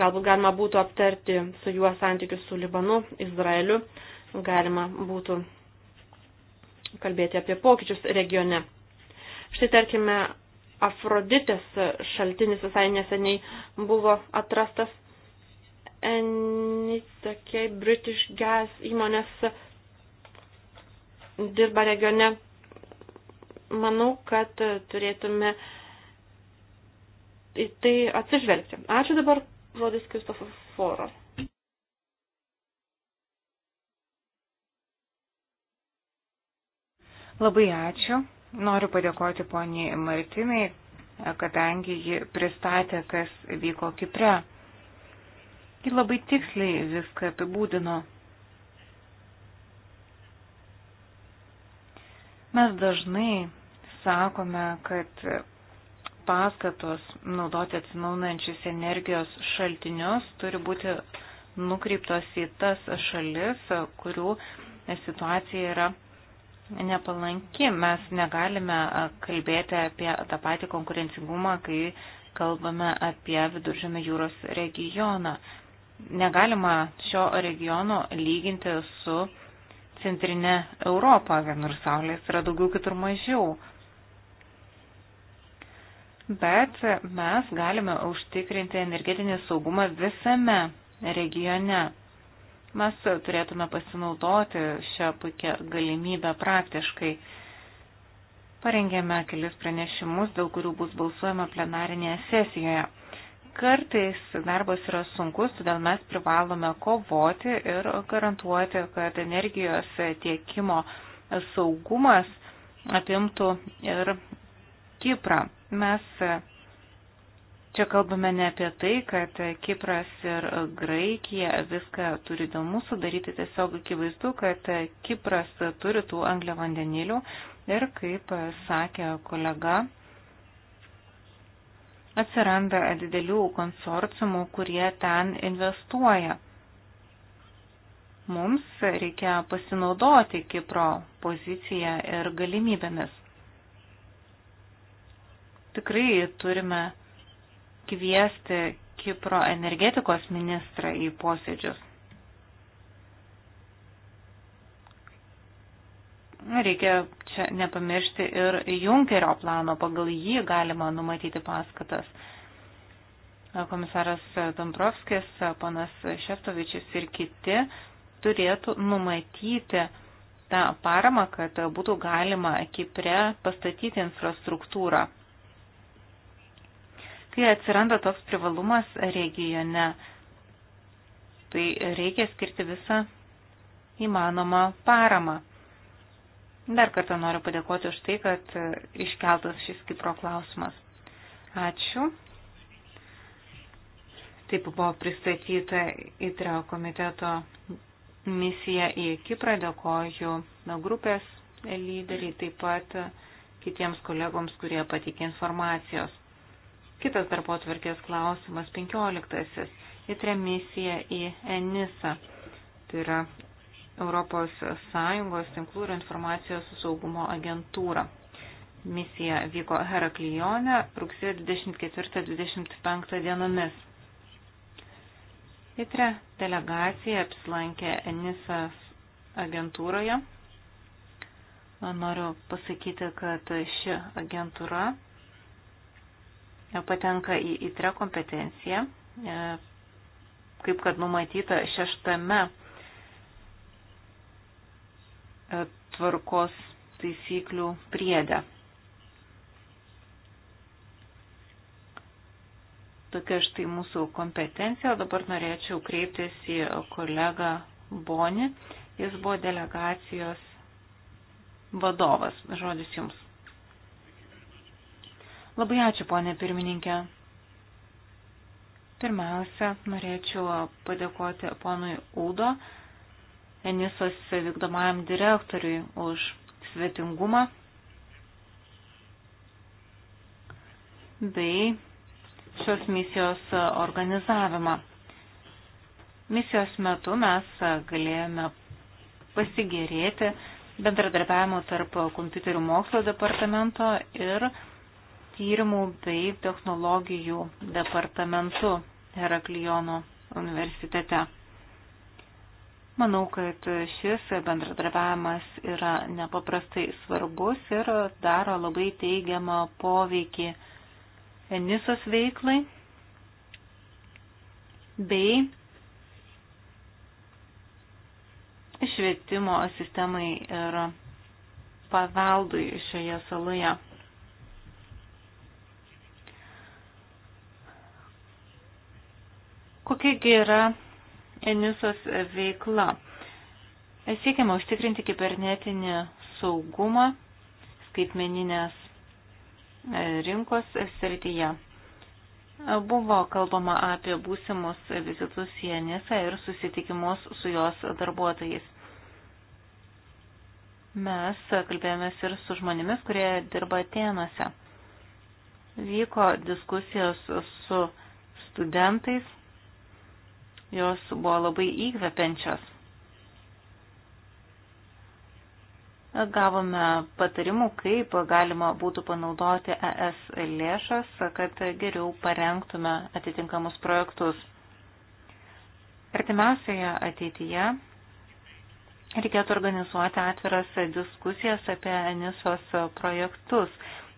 Galbūt galima būtų aptarti su juo santykius su Libanu, Izraeliu, galima būtų kalbėti apie pokyčius regione. Štai tarkime, Afroditės šaltinis visai neseniai buvo atrastas NITAKE British Gas įmonės dirba regione. Manau, kad turėtume į tai atsižvelgti. Ačiū dabar žodis Kristofo Foro. Labai ačiū. Noriu padėkoti poniai Martinai, kadangi ji pristatė, kas vyko Kipre. Ji labai tiksliai viską apibūdino. Mes dažnai sakome, kad paskatos naudoti atsinaunančius energijos šaltinius turi būti nukreiptos į tas šalis, kurių situacija yra nepalanki. Mes negalime kalbėti apie tą patį konkurencingumą, kai kalbame apie viduržėmio jūros regioną negalima šio regiono lyginti su centrinė Europa, vienur saulės yra daugiau, kitur mažiau. Bet mes galime užtikrinti energetinį saugumą visame regione. Mes turėtume pasinaudoti šią puikią galimybę praktiškai. Parengėme kelis pranešimus, dėl kurių bus balsuojama plenarinėje sesijoje. Kartais darbas yra sunkus, todėl mes privalome kovoti ir garantuoti, kad energijos tiekimo saugumas apimtų ir Kiprą. Mes čia kalbame ne apie tai, kad Kipras ir Graikija viską turi dėl mūsų daryti, tiesiog akivaizdu, kad Kipras turi tų angliavandenilių ir, kaip sakė kolega, atsiranda didelių konsorciumų, kurie ten investuoja. Mums reikia pasinaudoti Kipro poziciją ir galimybėmis. Tikrai turime kviesti Kipro energetikos ministrą į posėdžius. Reikia čia nepamiršti ir Junkerio plano, pagal jį galima numatyti paskatas. Komisaras Dombrovskis, panas Šeftovičius ir kiti turėtų numatyti tą paramą, kad būtų galima Kipre pastatyti infrastruktūrą. Kai atsiranda toks privalumas regione, tai reikia skirti visą įmanomą paramą. Dar kartą noriu padėkoti už tai, kad e, iškeltas šis Kipro klausimas. Ačiū. Taip buvo pristatyta įtreo komiteto misija į Kiprą. Dėkoju grupės lyderiai, taip pat kitiems kolegoms, kurie patikė informacijos. Kitas darbo tvarkės klausimas, penkioliktasis, įtre misija į Enisą. Tai yra ES tinklų ir informacijos saugumo agentūrą. Misija vyko Heraklijone rugsėjo 24-25 dienomis. ITRE delegacija apsilankė Enisas agentūroje. Noriu pasakyti, kad ši agentūra patenka į ITRE kompetenciją, kaip kad numatyta šeštame E, tvarkos taisyklių priedę. Tokia štai mūsų kompetencija. Dabar norėčiau kreiptis į kolegą Boni. Jis buvo delegacijos vadovas. Žodis jums. Labai ačiū, ponė pirmininkė. Pirmiausia, norėčiau padėkoti ponui Udo Enisos vykdomajam direktoriui už svetingumą bei šios misijos organizavimą. Misijos metu mes galėjome pasigėrėti bendradarbiavimo tarp kompiuterių mokslo departamento ir tyrimų bei technologijų departamentu Heraklijono universitete. Manau, kad šis bendradarbiavimas yra nepaprastai svarbus ir daro labai teigiamą poveikį Enisos veiklai bei švietimo sistemai ir paveldui šioje saloje. Kokiagi yra Enisos veikla. Siekiama užtikrinti kibernetinį saugumą skaitmeninės e, rinkos srityje. Buvo kalbama apie būsimus vizitus į Enisą ir susitikimus su jos darbuotojais. Mes kalbėjomės ir su žmonėmis, kurie dirba Atenose. Vyko diskusijos su studentais jos buvo labai įkvepiančios. Gavome patarimų, kaip galima būtų panaudoti ES lėšas, kad geriau parengtume atitinkamus projektus. Artimiausioje ateityje reikėtų organizuoti atviras diskusijas apie Enisos projektus,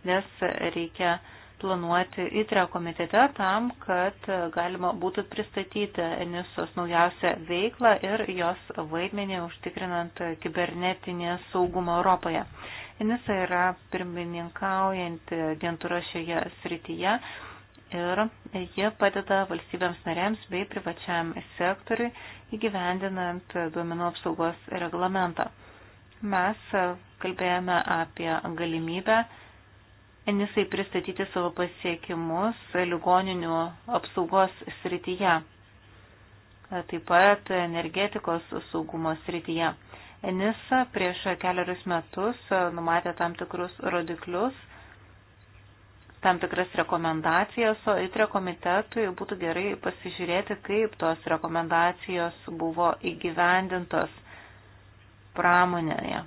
nes reikia uh, planuoti įtrio komitete tam, kad galima būtų pristatyti Enisos naujausią veiklą ir jos vaidmenį užtikrinant kibernetinį saugumą Europoje. Enisa yra pirmininkaujanti agentūra šioje srityje ir jie padeda valstybėms narėms bei privačiam sektoriui įgyvendinant duomenų apsaugos reglamentą. Mes kalbėjome apie galimybę NSA pristatyti savo pasiekimus ligoninių apsaugos srityje, taip pat energetikos saugumo srityje. NSA prieš keliarius metus numatė tam tikrus rodiklius, tam tikras rekomendacijas, o ITRE komitetui būtų gerai pasižiūrėti, kaip tos rekomendacijos buvo įgyvendintos pramonėje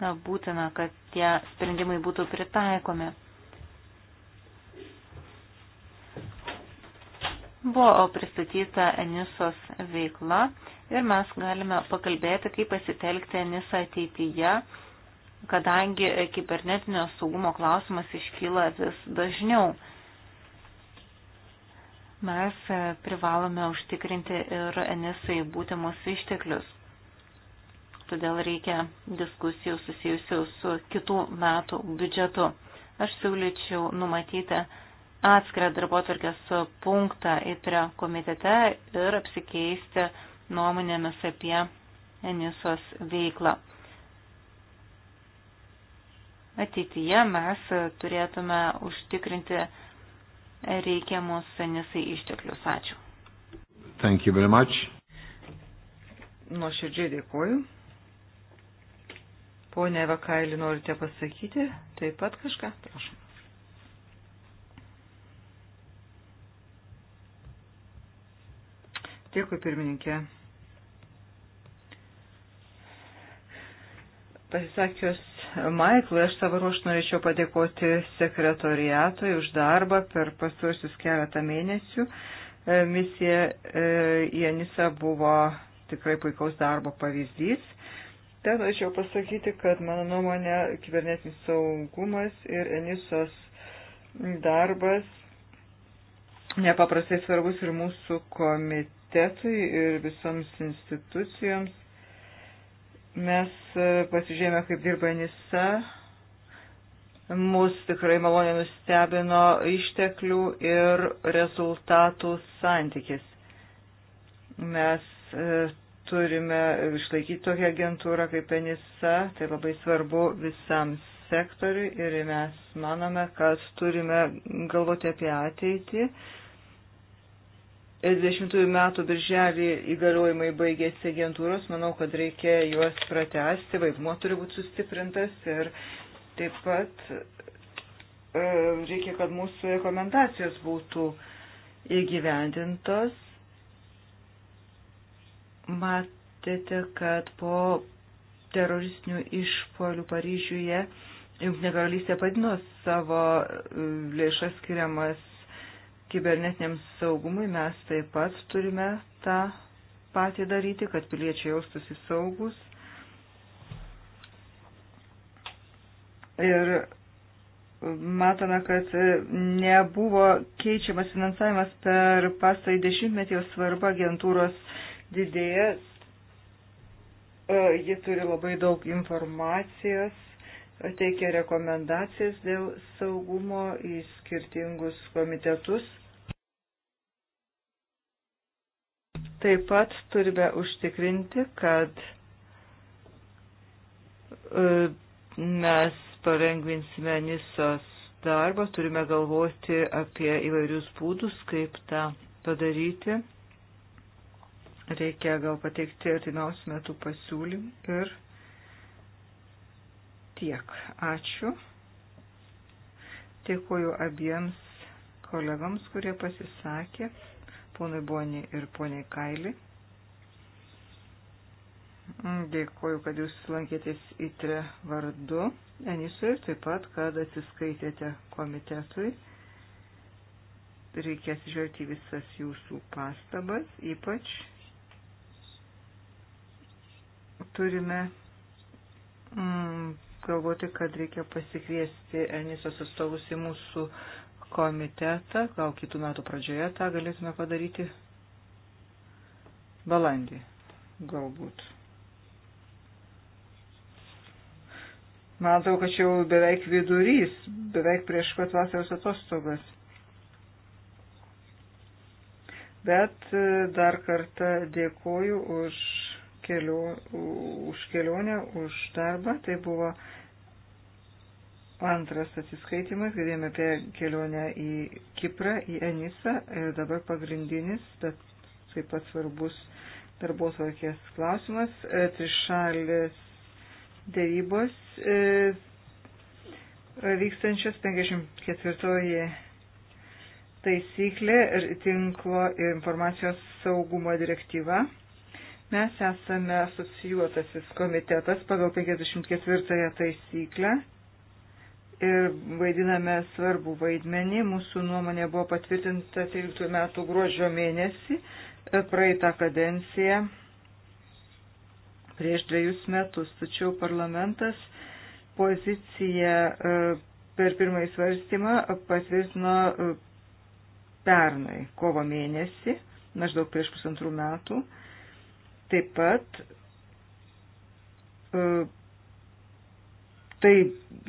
na, būtina, kad tie sprendimai būtų pritaikomi. Buvo pristatyta Enisos veikla ir mes galime pakalbėti, kaip pasitelkti Enisą ateityje, kadangi kibernetinio saugumo klausimas iškyla vis dažniau. Mes privalome užtikrinti ir Enisai būtimus išteklius todėl reikia diskusijų susijusių su kitų metų biudžetu. Aš siūlyčiau numatyti atskirą darbotvarkės punktą įtrio komitete ir apsikeisti nuomonėmis apie Enisos veiklą. Ateityje mes turėtume užtikrinti reikiamus Enisai išteklius. Ačiū. Thank you very much nuoširdžiai dėkoju. Pone Vakailį, norite pasakyti taip pat kažką? Prašom. Dėkui, pirmininkė. Pasisakius Maiklui, aš savo ruoštų norėčiau padėkoti sekretoriatui už darbą per pastuosius keletą mėnesių. E, misija e, Janisa buvo tikrai puikaus darbo pavyzdys Ten norėčiau pasakyti, kad mano nuomonė kibernetinis saugumas ir Enisos darbas nepaprastai svarbus ir mūsų komitetui ir visoms institucijoms. Mes e, pasižiūrėjome, kaip dirba Enisa. Mūsų tikrai maloniai nustebino išteklių ir rezultatų santykis. Mes e, turime išlaikyti tokią agentūrą kaip ENISA, tai labai svarbu visam sektoriui ir mes manome, kad turime galvoti apie ateitį. 20 metų birželį įgaliojimai baigėsi agentūros, manau, kad reikia juos pratesti, vaidmuo turi būti sustiprintas ir taip pat e, reikia, kad mūsų rekomendacijos būtų įgyvendintos Matėte, kad po teroristinių išpolių Paryžiuje Junktinė karalystė padino savo e, lėšas skiriamas kibernetiniam saugumui. Mes taip pat turime tą patį daryti, kad piliečiai jaustųsi saugus. Ir matome, kad nebuvo keičiamas finansavimas per pastarį dešimtmetį, o svarba agentūros didėja, e, ji turi labai daug informacijos, teikia rekomendacijas dėl saugumo į skirtingus komitetus. Taip pat turime užtikrinti, kad e, mes palengvinsime Nisos darbą, turime galvoti apie įvairius būdus, kaip tą padaryti. Reikia gal pateikti artimiausių metų pasiūlymų ir tiek. Ačiū. Dėkuoju abiems kolegams, kurie pasisakė, ponui Boni ir poniai Kaili. Dėkuoju, kad jūs lankėtės įtre vardu, Enisui, ir taip pat, kad atsiskaitėte komitetui. Reikės žvelgti visas jūsų pastabas, ypač turime mm, galvoti, kad reikia pasikviesti Enisos atstovus į mūsų komitetą, gal kitų metų pradžioje tą galėtume padaryti balandį, galbūt. Man atrodo, kad čia jau beveik vidurys, beveik prieš pat vasaros atostogas. Bet e, dar kartą dėkoju už kelio, už kelionę, už darbą. Tai buvo antras atsiskaitimas, girdėjome apie kelionę į Kiprą, į Enisą ir dabar pagrindinis, bet taip pat svarbus darbos varkės klausimas. E, trišalės dėrybos e, vykstančios 54 taisyklė ir tinklo ir informacijos saugumo direktyva. Mes esame asocijuotasis komitetas pagal 54 taisyklę ir vaidiname svarbų vaidmenį. Mūsų nuomonė buvo patvirtinta 13 metų gruodžio mėnesį e, praeitą kadenciją prieš dviejus metus. Tačiau parlamentas poziciją e, per pirmąjį svarstymą patvirtino e, pernai kovo mėnesį, maždaug prieš pusantrų metų. Taip pat e, tai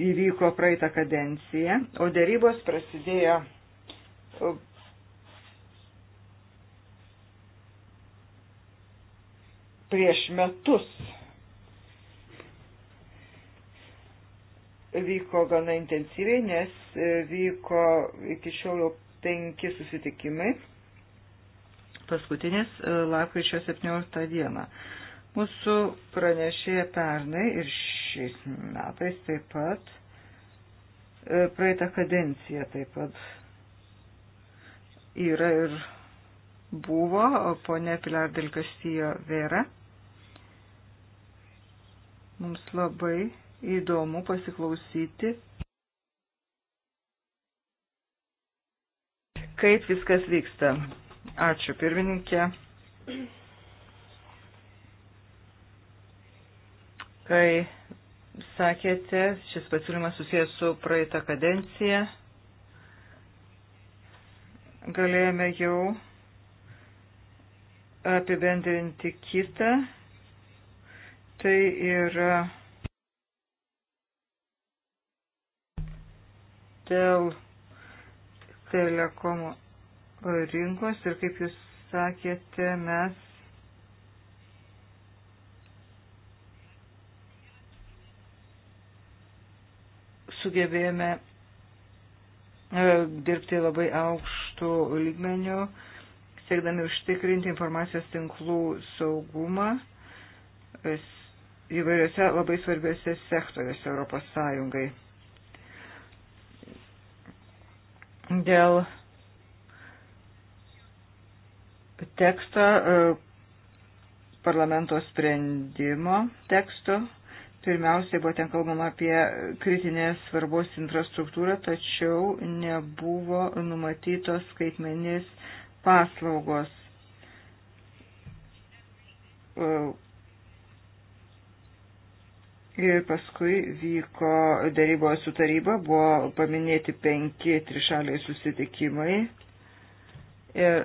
įvyko praeitą kadenciją, o dėrybos prasidėjo e, prieš metus. Vyko gana intensyviai, nes e, vyko iki šiol jau penki susitikimai paskutinis e, lapkričio 17 dieną. Mūsų pranešėja pernai ir šiais metais taip pat, e, praeitą kadenciją taip pat yra ir buvo ponė Pilar del Castillo Vera. Mums labai įdomu pasiklausyti, kaip viskas vyksta. Ačiū pirmininkė. Kai sakėte, šis pasiūlymas susijęs su praeitą kadenciją, galėjome jau apibendrinti kitą. Tai yra dėl telekomo rinkos ir kaip jūs sakėte, mes sugebėjome e, dirbti labai aukštų lygmenių, siekdami užtikrinti informacijos tinklų saugumą e, įvairiose labai svarbiose sektoriuose Europos Sąjungai. Dėl teksto, e, parlamento sprendimo teksto. Pirmiausiai buvo ten kalbama apie kritinės svarbos infrastruktūrą, tačiau nebuvo numatytos skaitmenės paslaugos e, Ir paskui vyko darybos su taryba, buvo paminėti penki trišaliai susitikimai. Ir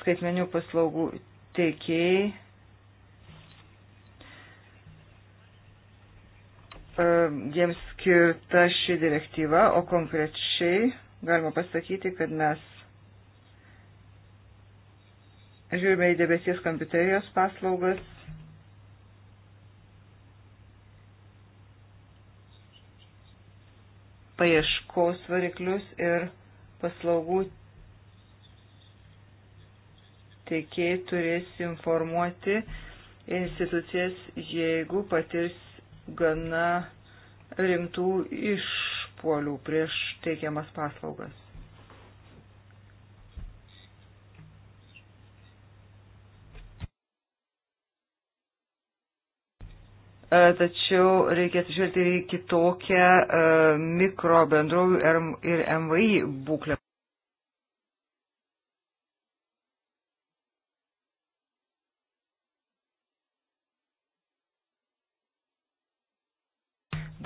skaitmenių paslaugų teikėjai jiems skirta ši direktyva, o konkrečiai galima pasakyti, kad mes žiūrime į debesies kompiuterijos paslaugas. paieškos variklius ir paslaugų tiekėjai turės informuoti institucijas, jeigu patirs gana rimtų išpolių prieš teikiamas paslaugas. E, tačiau reikia atsižvelgti ir į kitokią e, mikro bendrovų ir MVI būklę.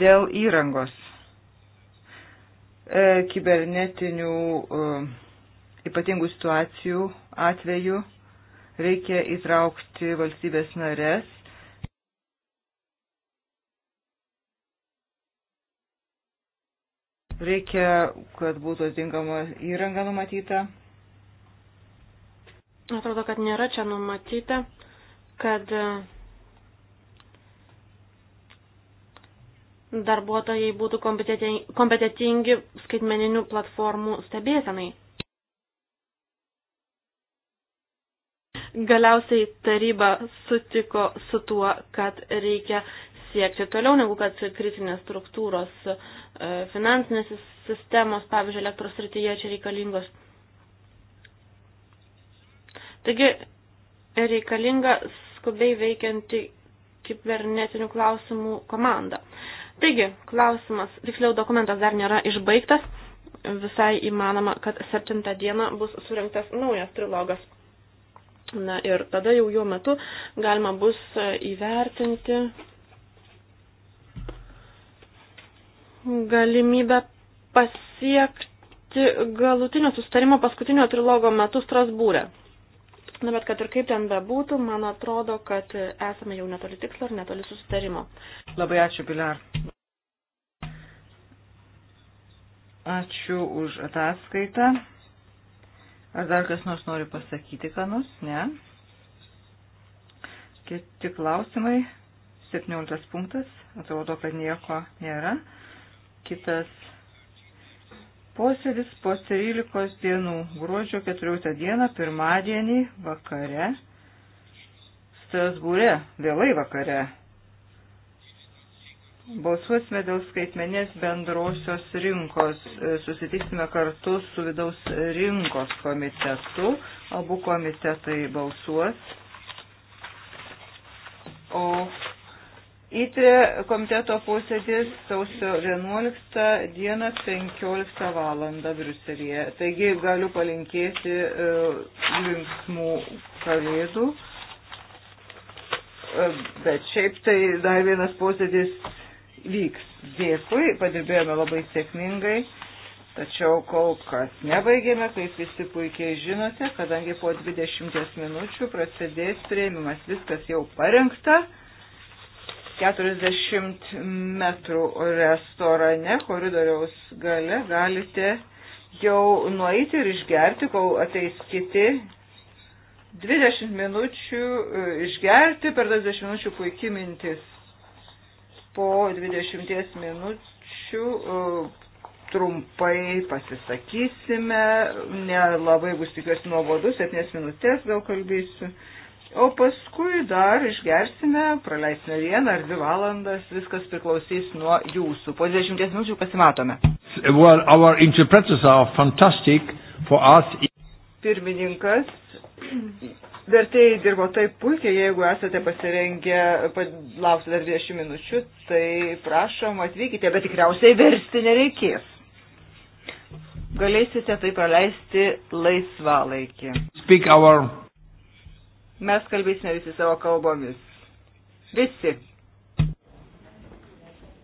Dėl įrangos e, kibernetinių e, ypatingų situacijų atveju reikia įtraukti valstybės narės reikia, kad būtų tinkama įranga numatyta. Atrodo, kad nėra čia numatyta, kad darbuotojai būtų kompetitingi skaitmeninių platformų stebėsenai. Galiausiai taryba sutiko su tuo, kad reikia siekti toliau negu kad kritinės struktūros, e, finansinės sistemos, pavyzdžiui, elektros srityje čia reikalingos. Taigi reikalinga skubiai veikianti kibernetinių klausimų komanda. Taigi, klausimas, tiksliau dokumentas dar nėra išbaigtas, visai įmanoma, kad 7 dieną bus surinktas naujas trilogas. Na ir tada jau jo metu galima bus e, įvertinti galimybę pasiekti galutinio sustarimo paskutinio trilogo metu Strasbūrė. Na, bet kad ir kaip ten bebūtų, man atrodo, kad esame jau netoli tikslo ir netoli susitarimo. Labai ačiū, Pilar. Ačiū už ataskaitą. Ar dar kas nors nori pasakyti, ką nors? Ne. Kiti klausimai. 17 punktas. Atrodo, kad nieko nėra. Kitas Posėdis po 13 dienų, gruodžio 14 dieną, pirmadienį vakare, Strasbūre, vėlai vakare. Balsuosime dėl skaitmenės bendrosios rinkos. E, susitiksime kartu su vidaus rinkos komitetu. Abu komitetai balsuos. O Įtrė komiteto posėdis sausio 11 dieną 15 val. Briuselėje. Taigi galiu palinkėti e, linksmų kalėdų. E, bet šiaip tai dar vienas posėdis vyks. Dėkui, padirbėjome labai sėkmingai. Tačiau kol kas nebaigėme, kaip visi puikiai žinote, kadangi po 20 minučių prasidės prieimimas, viskas jau parengta. 40 metrų restorane, koridoriaus gale, galite jau nueiti ir išgerti, kol ateis kiti. 20 minučių e, išgerti, per 20 minučių puikiai mintis. Po 20 minučių e, trumpai pasisakysime, nelabai bus tikiuosi nuobodu, 7 minutės gal kalbėsiu. O paskui dar išgersime, praleisime vieną ar dvi valandas, viskas priklausys nuo jūsų. Po 20 minučių pasimatome. Well, our interpreters are fantastic for us. Pirmininkas, vertėjai dirbo taip puikiai, jeigu esate pasirengę laukti dar 20 minučių, tai prašom atvykite, bet tikriausiai versti nereikės. Galėsite tai praleisti laisvalaikį. Speak our Mes kalbėsime visi savo kalbomis. Visi.